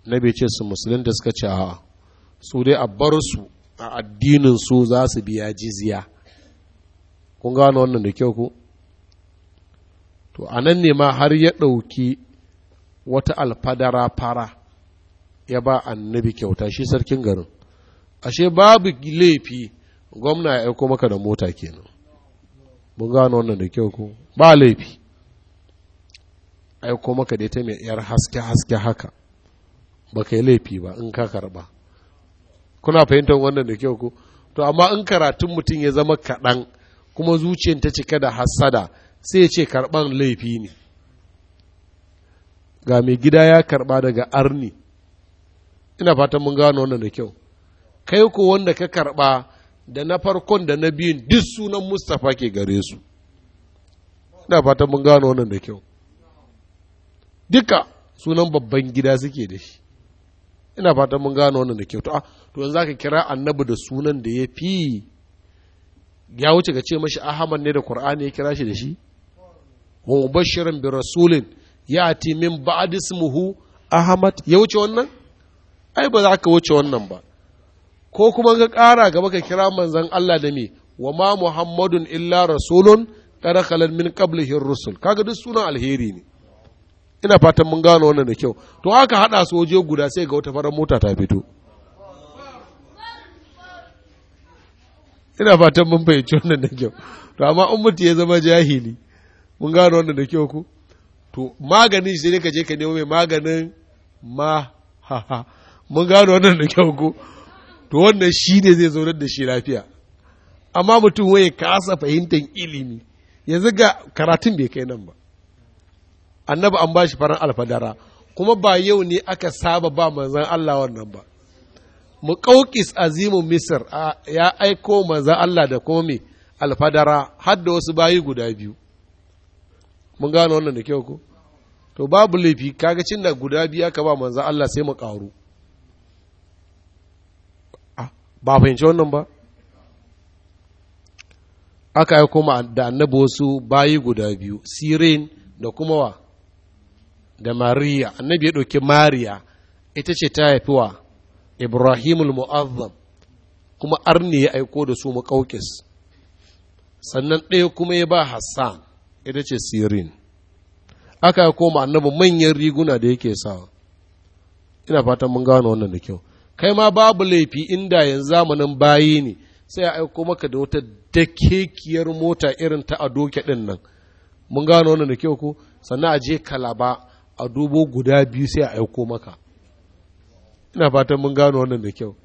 nabi ce su musulun da suka ce a su dai a bar su a addinin su za su biya jiziya kun gano wannan da kyau ko. to a nan ne ma har ya ɗauki wata alfadara fara ya ba annabi kyauta shi sarkin garin ashe babu laifi gwamna ya aiko maka da mota kenan mun gano wannan da kyau ko ba laifi aiko maka da ita mai yar haske haske haka ba kai laifi ba in ka karba kuna fahimtar wannan da kyau ko to amma in karatun mutum ya zama kaɗan kuma zuciyar ta cika da hassada sai ce karɓar laifi ne ga mai gida ya karɓa daga arni ina fatan mun gano wannan da kyau kai ko wanda ka karɓa da na farkon da na biyun duk sunan mustapha ke gare su ina fatan mun gano wannan da kyau duka sunan babban gida suke da shi ina fatan mun gano wannan da kyau to ah, to yanzu zaka kira annabi da sunan da ya fi ya wuce ga ce mashi ahmad ne da qur'ani ya kira shi da shi wa mubashirin bi rasulin ya ati min ba'd ismuhu ahmad ya wuce wannan ai ba za ka wuce wannan ba ko kuma ka ƙara gaba ka kira manzon Allah da me wa ma muhammadun illa rasulun kada khalan min qablihi rusul kaga duk sunan alheri ne ina fatan mun gano wannan da kyau to haka hada su waje guda sai ga wata farar mota ta fito ina fatan mun fahimci wannan da kyau to amma in ya zama jahili mun gano wannan da kyau ku to maganin shi ne ka je ka nemo mai maganin ma ha ha mun gano wannan da kyau ku to wannan shi ne zai zaunar da shi lafiya amma mutum waye kasa fahimtar ilimi yanzu ga karatun bai kai nan ba annabi an ba shi faran alfadara kuma ba yau ne aka saba ba manzan Allah wannan ba mu ƙaukis azimin misir ya aiko manzan Allah da mai alfadara har da wasu bayi guda biyu mun gano wannan da kyau ko to babu laifi kaga cin da guda biya ka ba manzan Allah sai mu ƙaru ah, ba fahimci wannan ba aka yi kuma da annabi wasu bayi guda biyu sirin da kuma wa da mariya annabi ya ɗauki mariya ita ce ta haifi wa ibrahimul mu'azzam kuma arne ya aiko da su maƙaukis sannan ɗaya kuma ya ba hassan ita ce sirin aka koma annabi manyan riguna da yake sa ina fatan mun gano wannan da kyau kai ma babu laifi inda yanzu zamanin bayi ne sai a aiko maka da wata dakekiyar mota irin ta adoke din nan mun gano wannan da kyau ko sannan a je kalaba a dubo guda biyu sai a aiko maka ina fatan mun gano wannan da kyau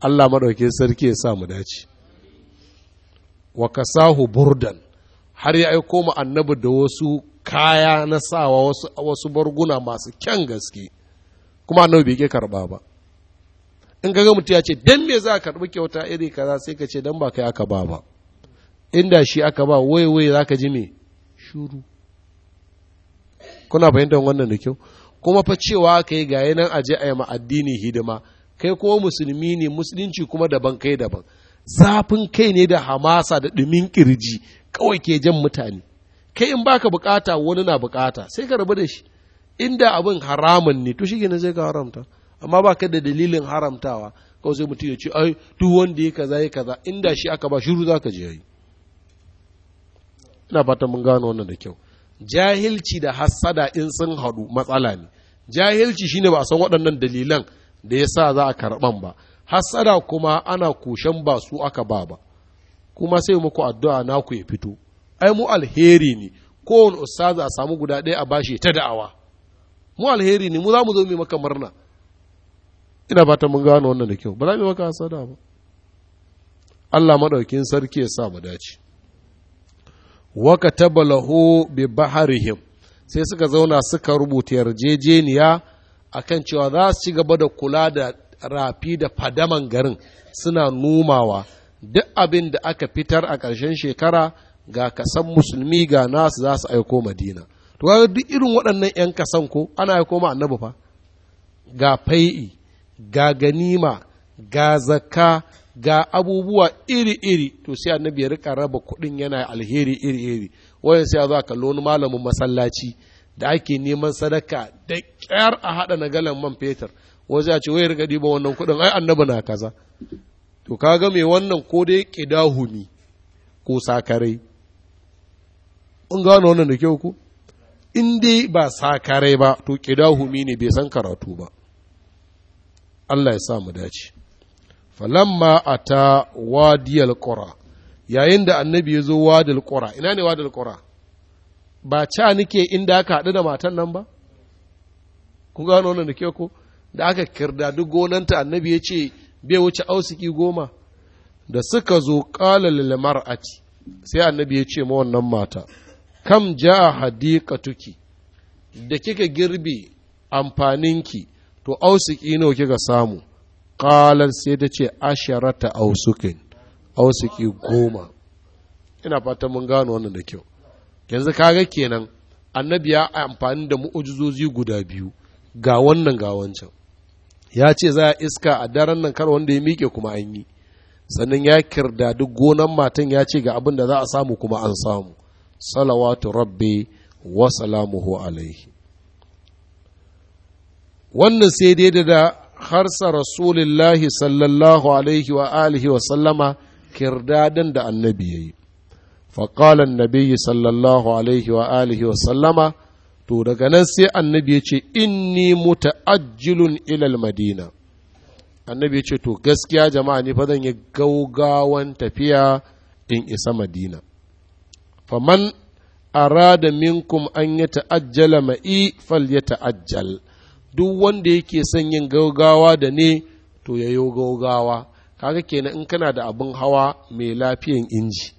Allah maɗauke sarki ya sa mu dace wa kasahu burdan har ya aiko ma annabi da wasu kaya na sawa wasu, barguna masu kyan gaske kuma annabi bai ke karba ba in ga mutum ya ce dan me za ka karbi kyauta iri kaza sai ka ce dan ba kai aka ba ba inda shi aka ba wai wai za ka ji me shuru kuna fahimtar wannan da kyau kuma fa cewa ka yi gaya nan aje a ma addini hidima kai kuma musulmi ne musulunci kuma daban kai daban zafin kai ne da hamasa da ɗumin kirji kawai ke jan mutane kai in baka bukata wani na bukata sai ka rabu da shi inda abin haramun ne to shi ne zai ka haramta amma ba ka da dalilin haramtawa kawai sai mutum ya ce ai duk wanda ya kaza ya kaza inda shi aka ba shiru za ka je yi ina fatan mun gano wannan da kyau jahilci da hassada in sun haɗu matsala ne jahilci shine ba a san waɗannan dalilan da ya sa za a karɓan ba hassada kuma ana koshen ba su aka ba ba kuma sai muku addu'a naku ya fito ai mu alheri ne kowane ustazu a samu guda ɗaya a bashi ta da'awa mu alheri ne mu za mu zo mai maka murna ina fata mun gano wannan da kyau ba za mu maka hasada ba Allah madaukin sarki ya sa mu dace wa kataba bi baharihim sai suka zauna suka rubuta yarjejeniya akan cewa za su ci gaba da kula da rafi da fadaman garin suna numawa duk abin da aka fitar a ƙarshen shekara ga kasan musulmi ga nasu za su aiko madina to ga duk irin waɗannan 'yan kasan ko ana aiko ma annabi fa ga fai'i ga ganima ga zaka, ga abubuwa iri-iri to sai annabi ya rika raba kuɗin yana alheri iri-iri wayan sai ya zo kallo malamin masallaci da ake neman sadaka da ƙyar a haɗa na galan man fetur wajen ya ce wai rika wannan kuɗin ai annabi na kaza to kaga mai wannan ko dai ƙidahumi ko sakarai kun gano wannan da kyau ku in dai ba sakarai ba to ƙidahumi ne bai san karatu ba Allah ya sa mu dace falamma ata wadiyal qura yayin da annabi ya zo wadil qura ina ne wadil qura ba ca nake inda aka haɗu da matan nan ba ku gano wannan da kyau ko da aka kirda duk gonanta annabi ya ce bai wuce ausiki goma da suka zo ƙala ci, sai annabi ya ce ma wannan mata kam ja tuki da kika girbe amfaninki to ausiki nawa kika samu ƙalan sai ta ce asharata ausukin ausiki goma ina fatan mun gano wannan da kyau yanzu kaga kenan annabi ya amfani da mu'ujizozi guda biyu ga wannan ga wancan ya ce za a iska a daren nan kar wanda ya miƙe kuma an yi sannan ya duk gonan matan ya ce ga abin da za a samu kuma an samu salawatu rabbi wa salamuhu alaihi wannan sai dai da harsa rasulillahi sallallahu alaihi wa alihi wa sallama kirdadin da annabi ya yi faƙalan nabi sallallahu alaihi wa alihi wa sallama to daga nan sai annabi ya ce inni muta'ajjilun ilal madina annabi ya ce to gaskiya jama'a ne fa zan yi gaugawan tafiya in isa madina faman arada minkum an ya ta'ajjala ma'i fal ya ta'ajjal duk wanda yake son yin gaugawa da ne to ya yi gaugawa kaga kenan in kana da abin hawa mai lafiyan inji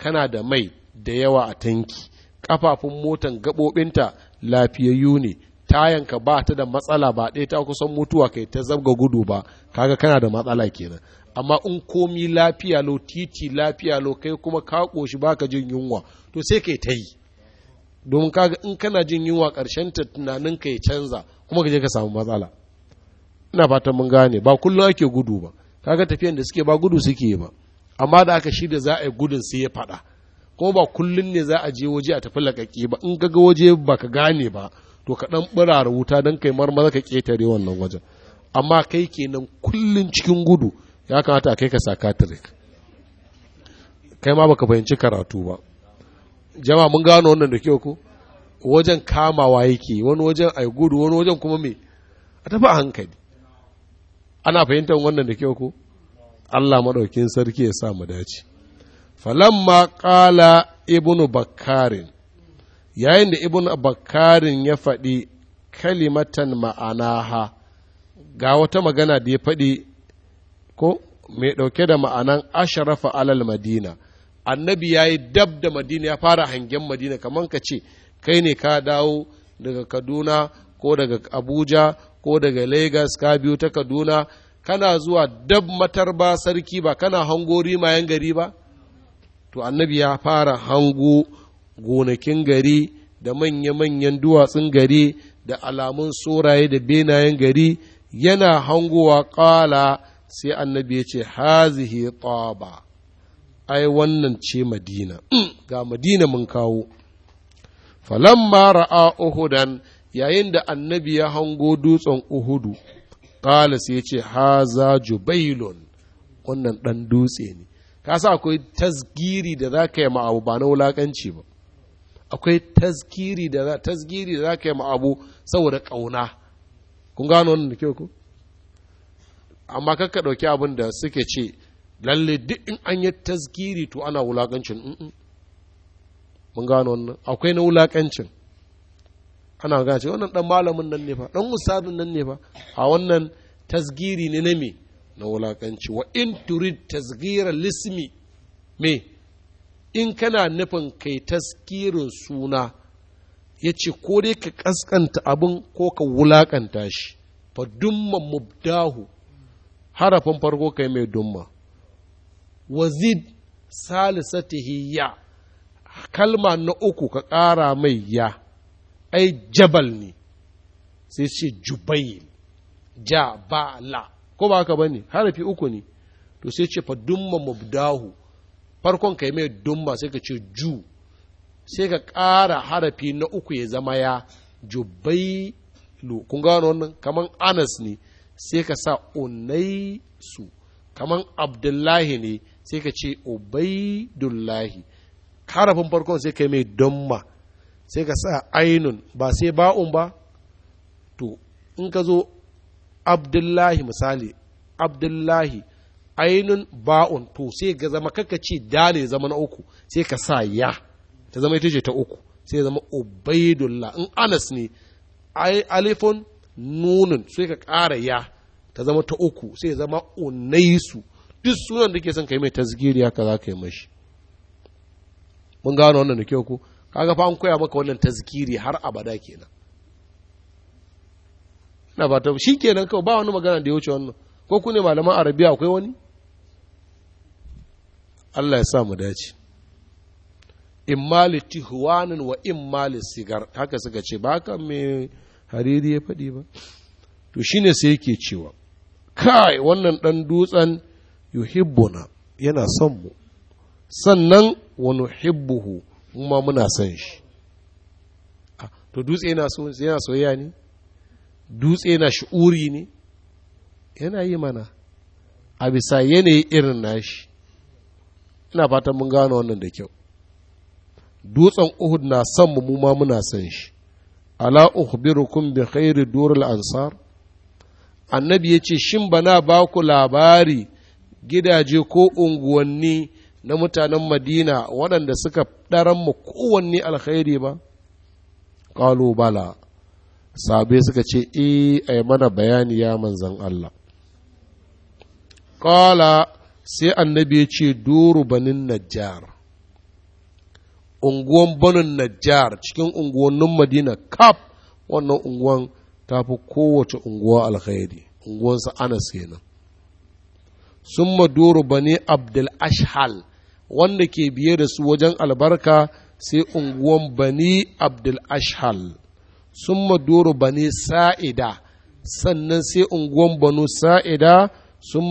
kana da mai da yawa a tanki kafafun motan gaɓoɓinta lafiyayyu ne tayanka ba ta da matsala ba ɗaya ta kusan mutuwa kai ta zabga gudu ba kaga kana da matsala kenan amma in komi lafiya lo titi lafiya lo kai kuma ka koshi baka jin yunwa to sai kai ta yi domin kaga in kana jin yunwa ƙarshen ta tunanin ka ya canza kuma ka je ka samu matsala ina fatan mun gane ba kullum ake gudu ba kaga tafiyan da suke ba gudu suke yi ba amma da aka shirya za a yi gudun sai ya faɗa ko ba kullun ne za a je waje a tafi lakaki ba in kaga waje ba ka gane ba to ka ɗan burara wuta don kai marmara ka ƙetare wannan wajen amma kai kenan kullum cikin gudu ya kamata a kai ka psychiatric kai ma baka fahimci karatu ba jama mun gano wannan da kyau ko wajen kamawa yake wani wajen ai gudu wani wajen kuma me a tafi a hankali ana fahimtar wannan da kyau ko Allah maɗaukin sarki ya sa mu dace falamma ƙala ibnu bakkarin yayin da ibnu bakkarin ya faɗi kalimatan ma'anaha ga wata magana da ya faɗi ko mai ɗauke da ma'anan asharafa alal madina annabi ya yi dab da madina ya fara hangen madina kamar ka ce kai ne ka dawo daga kaduna ko daga abuja ko daga lagos ka biyu ta kaduna kana zuwa dab matarba sarki ba kana hango rimayen gari ba to annabi ya fara hango gonakin gari da manya-manyan duwatsun gari da alamun tsoraye da benayen gari yana hangowa ƙala sai annabi ya ce hazihi taba ai wannan ce madina ga madina mun kawo falamma ra'a uhudan yayin da annabi ya hango dutsen uhudu ƙala sai ya ce haza jubailun wannan ɗan dutse ne ka sa akwai tasgiri da za ka yi ma abu ba na wulaƙanci ba akwai tasgiri da za ka yi ma abu saboda ƙauna kun gano wannan da kyau ku amma kakka ɗauki abin da suke ce lalle duk in an yi tasgiri to ana wulaƙancin mun gano wannan akwai na wulaƙancin ana gane wannan ɗan malamin nan ne fa ɗan musamman nan ne fa a wannan tasgiri ne na me na wulakanci wa in turid tasgirar lismi me in kana nufin kai taskirin suna ya ce ko dai ka ƙasƙanta abin ko ka wulakanta shi fa dumma mubdahu harafin farko kai mai dumma wazid salisatihi ya kalma na uku ka ƙara mai ya ai jabal ne sai ce jubail ja ba ko ba haka bane harafi uku ne to sai ce fa dumma mubdahu farkon kai mai dumma sai ka ce ju sai ka ƙara harafi na uku ya zama ya jubbailu kun gano wannan kaman anas ne sai ka sa unaisu kaman abdullahi ne sai ka ce ubaidullahi harafin farkon sai kai mai dumma sai ka sa ainun ba sai ba'un ba to in ka zo abdullahi misali abdullahi ainun ba'un to sai ga zama kakka ce ne zama na uku sai ka sa ya ta zama ita ce ta uku sai zama ubaidullah in anas ne alifun nunun sai ka ƙara ya ta zama ta uku sai zama unaisu duk sunan da ke son ka yi mai tasgiri haka za ka yi mashi mun gano wannan da kyau ko kaga fa an koya maka wannan tazkiri har abada kenan na ba ta shi kenan kawai ba wani magana da ya wuce wannan ko ku ne malaman arabiya akwai wani Allah ya sa mu dace in mali tihuwanin wa in mali sigar haka suka ce ba haka mai hariri ya faɗi ba to shine sai yake cewa kai wannan ɗan dutsen yuhibbuna yana son mu sannan wani hibbuhu kuma muna son shi ah, to dutse yana so yana soyayya ne dutse na shi'uri ne yana yi mana a bisa yanayi irin nashi ina fatan mun gano wannan da kyau dutsen uhud na san mu ma muna san shi ala ukhbirukum bi khairi durul ansar annabi yace ce shin bana ba ku labari gidaje ko unguwanni na mutanen madina waɗanda suka ɗaran mu kowanne alkhairi ba qalu bala sabe suka ce e a mana bayani ya manzan Allah ƙala sai annabi ya ce duru banin najjar unguwan banin najjar cikin unguwannin madina kaf wannan unguwan ta fi kowace unguwa alkhairi unguwansa anas kenan sun doro bani abdul ashhal wanda ke biye da su wajen albarka sai unguwan bani abdul ashhal sun ba ne sa'ida sannan sai unguwan banu sa'ida sun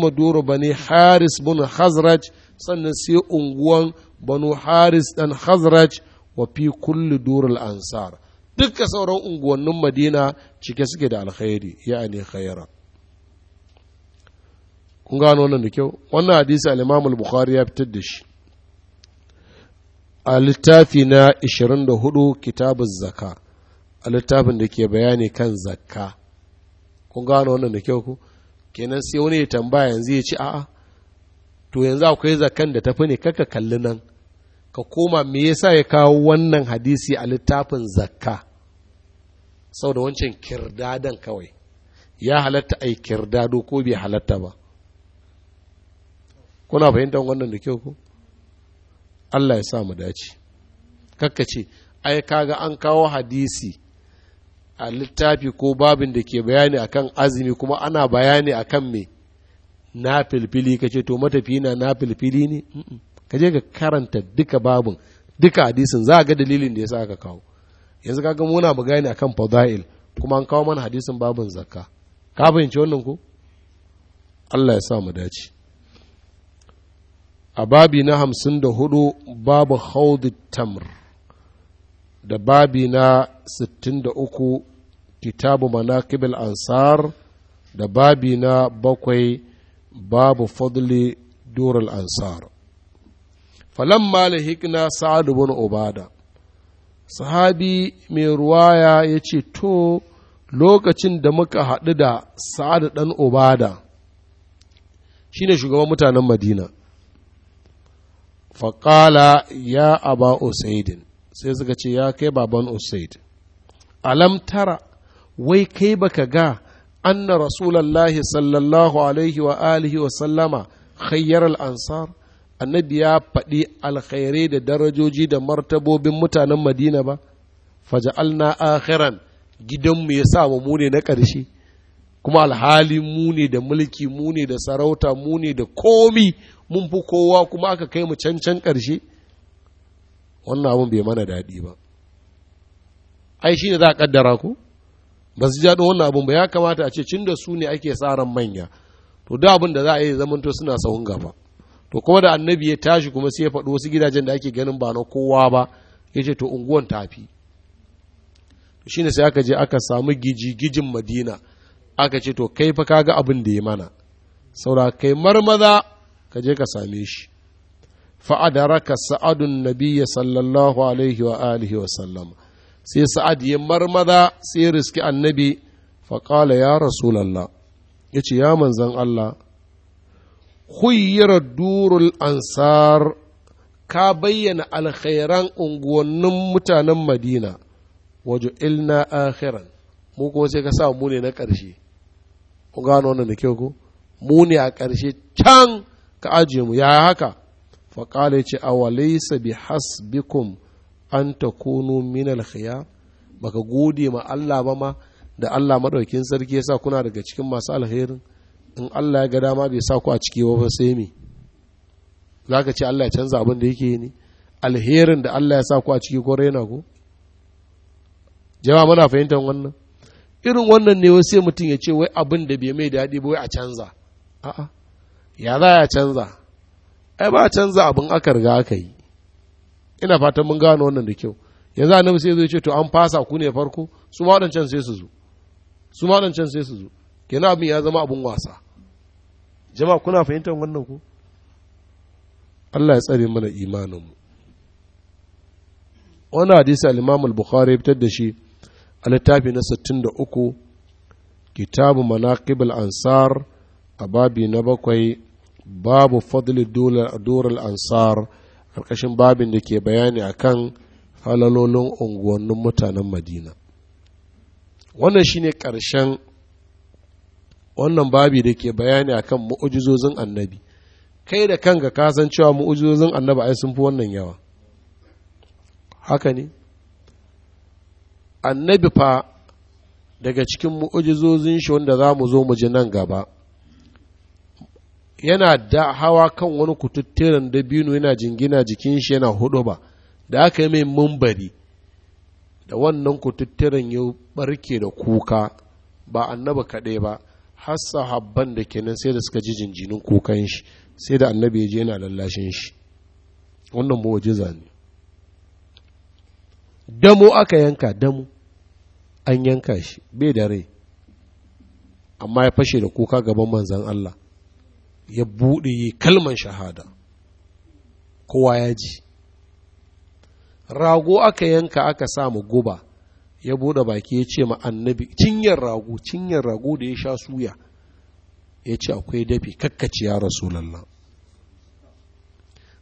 ba ne haris bin hazraj sannan sai unguwan banu haris dan hazraj wa fi kulli durul ansar duka sauran unguwannin madina cike suke da alkhairi ya'ani khaira kun gano wannan da kyau wannan hadisi al-imam al-bukhari ya fitar da shi a littafi na 24 kitabuz zakah a littafin da ke bayani kan zakka kun gano wannan da kyau ku kenan sai wani ya tambaya yanzu ya ci a'a to yanzu akwai zakkan da ta fi ne kaka kalli nan ka koma me yasa ya kawo wannan hadisi a littafin zakka saboda wancan kirdadan kawai ya halatta a yi kirdado ko bai halatta ba kuna fahimtar wannan da kyau ku Allah ya sa mu dace kakka ce ai kaga an kawo hadisi a littafi ko babin da ke bayani akan azumi kuma ana bayani akan me na filfili ka ce to matafi na na filfili ne ka je ka karanta duka babin duka hadisin za a ga dalilin da ya sa aka kawo yanzu kaga muna magana akan fadail kuma an kawo mana hadisin babin zakka ka fahimci wannan ko Allah ya sa mu dace a babi na hamsin da hudu babu haudu tamr da babi na 63 kitabu manakibul ansar da babi na bakwai babu fadli dural ansar malin hikna Sa'adu bin Obada sahabi mai ruwaya ya ce to lokacin da muka haɗu da Sa'adu ɗan shi shine shugaban mutanen madina faƙala ya aba usaidin sai suka ce ya kai baban usaid alam tara wai kai baka ga anna rasulallahi sallallahu alaihi wa alihi wa sallama khayyar al-ansar annabi ya faɗi alkhairai da darajoji da martabobin mutanen madina ba faja'alna akhiran gidanmu ya sa mu ne na ƙarshe kuma alhali mu ne da mulki mu ne da sarauta mu ne da komi mun fi kowa kuma aka kai mu cancan ƙarshe wannan abin bai mana daɗi ba ai shi ne za a ƙaddara ku ba su jaɗin wannan abin ba ya kamata a ce cin da su ne ake tsaron manya to da abin da za a yi to suna sahun gaba to kuma da annabi ya tashi kuma sai ya faɗo wasu gidajen da ake ganin ba na kowa ba ya ce to unguwan tafi shi ne sai aka je aka samu gijigijin madina aka ce to kai fa kaga abin da ya mana saura kai marmaza ka je ka same shi fa'adaraka sa'adun Nabiya sallallahu alaihi wa alihi wa sallama sai sa'ad ya marmaza sai riski annabi faƙala ya rasulallah ya ce ya manzan Allah khuyyira durul ansar ka bayyana alkhairan unguwannin mutanen madina waje ilna akhiran mu ko sai ka sa mu ne na ƙarshe ku gano da kyau ko mu ne a ƙarshe can ka ajiye mu ya haka faƙala ya ce awalaisa bi hasbikum an takunu min ba ka gode ma Allah ba ma da Allah madaukin sarki ya sa kuna daga cikin masu alherin in Allah ya ga dama bai sa ku a ciki ba sai me zaka ce Allah ya canza abin da yake ne alherin da Allah ya sa ku a ciki ko raina ku jama'a muna fahimtar wannan irin wannan ne wai sai mutum ya ce wai abin da bai mai daɗi ba wai a canza a'a ya za ya canza ai ba canza abin aka riga aka yi ina fatan mun gano wannan da kyau yanzu annabi sai zai ce to an fasa ku ne farko su ma wadancan sai su zo su ma wadancan sai su zo kenan abin ya zama abin wasa jama'a kuna fahimtar wannan ku Allah ya tsare mana imanin mu wannan hadisi al-Imam al-Bukhari fitar da shi a littafi na 63 kitabu manaqib al-ansar a babi na bakwai babu fadli doral ansar ƙarƙashin babin da ke bayani kan falalolin unguwannin mutanen madina wannan ne ƙarshen wannan babi da ke bayani akan mu'ujizozin annabi kai da kanka ka san cewa mu'ujizozin annabi ai sun fi wannan yawa haka ne annabi fa daga cikin mu'ujizozin shi wanda za mu zo mu ji nan gaba yana da hawa kan wani kututturen dabino yana jingina jikin shi yana hudu ba da aka yi mai mumbari da wannan kututturen ya barke da kuka ba annaba kaɗai ba har sahabban da kenan sai da suka ji jinjinin kukan shi sai da annabi ya je yana lallashin shi wannan ba waje zane damu aka yanka damu an yanka shi bai da rai amma ya fashe da kuka gaban manzan Allah ya buɗe kalman shahada kowa ya ji rago aka yanka aka samu guba ya buɗe baki ya ce ma annabi cinyar rago cinyar rago da ya sha suya ya ce akwai dafi kakkaci ya rasu rasulallah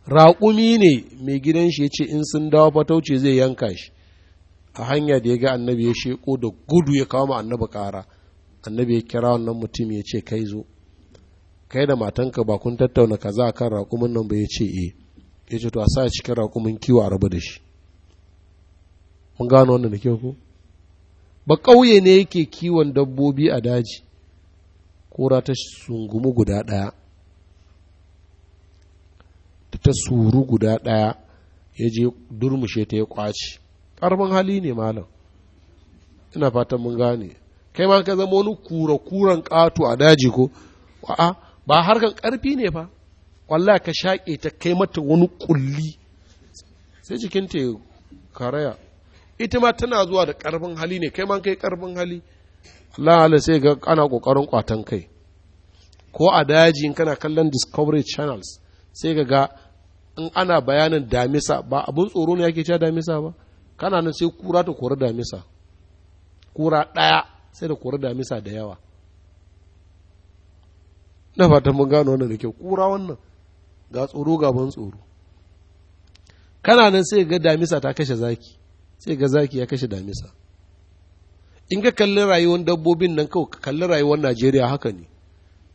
raƙumi ne mai gidan shi ya ce in sun dawo fatauci zai yanka shi a hanya da ya ga annabi ya sheko da gudu ya kawo ma annabi ƙara annabi ya kira wannan mutum ya ce kai zo kai da matanka ba kun tattauna kaza kan raƙumin nan ba ya ce e ya ce to a sa cikin raƙumin kiwo a rabu da shi mun gano wannan da kyau ko ba ƙauye ne yake kiwon dabbobi a daji kura ta sungumu guda ɗaya ta ta suru guda ɗaya ya je durmushe ta ya ƙwace ƙarfin hali ne malam ina fatan mun gane kai ma ka zama wani kura kuran ƙato a daji ko a'a ba harkar ƙarfi ne ba walla ka shaƙe ta kai mata wani ƙulli sai jikinta ya karaya ita ma tana zuwa da ƙarfin hali ne kai ma kai ƙarfin hali Allah Allah sai ga ana ƙoƙarin ƙwatan kai ko a daji in kana kallon discovery channels sai ga ga in ana bayanin damisa ba abin tsoro ne yake cewa damisa ba kana nan sai kura ta kori damisa kura ɗaya sai da kori damisa da yawa na fatan mun gano wannan da kyau kura wannan ga tsoro ga ban tsoro kana nan sai ga damisa ta kashe zaki sai ga zaki ya kashe damisa in ka kalli rayuwar dabbobin nan kawai ka kalli rayuwar najeriya haka ne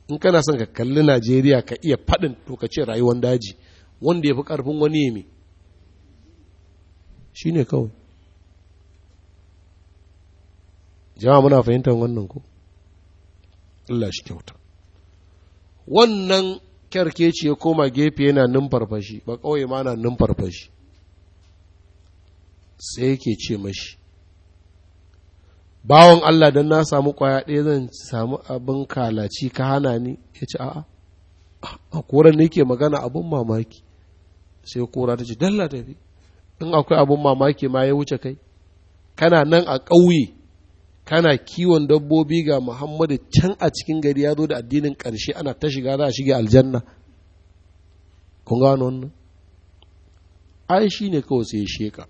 in kana son ka kalli najeriya ka iya faɗin to ka ce rayuwar daji wanda ya fi ƙarfin wani yami shi ne kawai jama'a muna fahimtar wannan ko Allah shi kyauta wannan ce ya koma gefe yana numfarfashi ba kawai ma na numfarfashi sai yake ce mashi bawon Allah don na samu kwaya ɗaya zan samu abin kalaci ka hana ni ya ce a'a a koran ne ke magana abin mamaki sai kora ta ce dalla tafi in akwai abin mamaki ma ya wuce kai kana nan a ƙauye kana kiwon dabbobi ga muhammadu can a cikin gari ya zo da addinin ƙarshe ana ta shiga za a shige aljanna kun gano wannan ai shi ne kawai sai ya sheka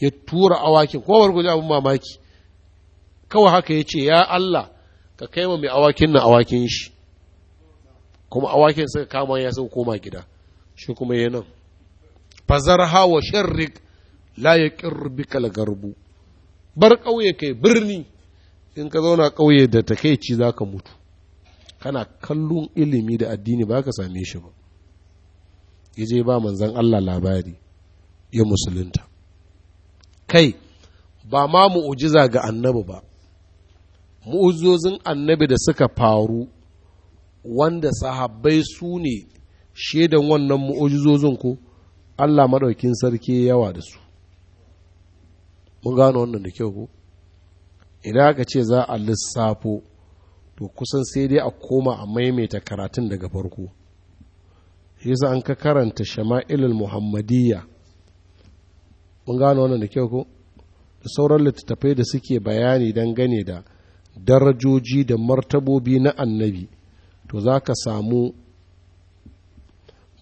ya tura awakin ko wargwaje abin mamaki kawai haka ya ce ya Allah ka kai wa mai awakin na awakin shi kuma awakin suka kama ya sun koma gida shi kuma ya nan fazar hawa sharrik la ya ƙirbi garbu bar ƙauye kai birni in ka zauna ƙauye da ta takeici za ka mutu kana kallon ilimi da addini ba ka same shi ba ya je ba manzan Allah labari ya musulunta kai ba ma mu'ujiza ga annabi ba mu'ujizozin annabi da suka faru wanda sahabbai su ne shaidan wannan mu'ujizozin ko Allah maɗaukin sarki yawa da su mun gano wannan da kyau ko idan aka ce za a lissafo to kusan sai dai a koma a maimaita karatun daga farko yasa an ka karanta shama'ilul muhammadiyya mun gano wannan da kyau ko da sauran littattafai da suke bayani gane da darajoji da martabobi na annabi to za ka samu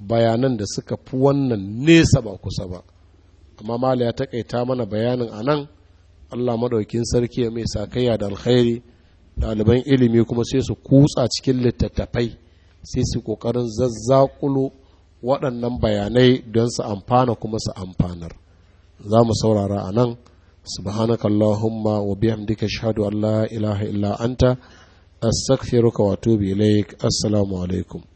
bayanan da suka fi wannan nesa ba kusa ba amma mala ya takaita mana bayanin a nan allah maɗaukin sarki ya mai sakayya da alkhairi ɗaliban ilimi kuma sai su kutsa cikin littattafai sai su ƙoƙarin zazzakulu waɗannan bayanai don su amfana kuma su amfanar za mu saurara a nan subhanakallahumma wa bihamdika shahadu Allah la ilaha illa anta astaghfiruka wa atubu ilaik assalamu alaikum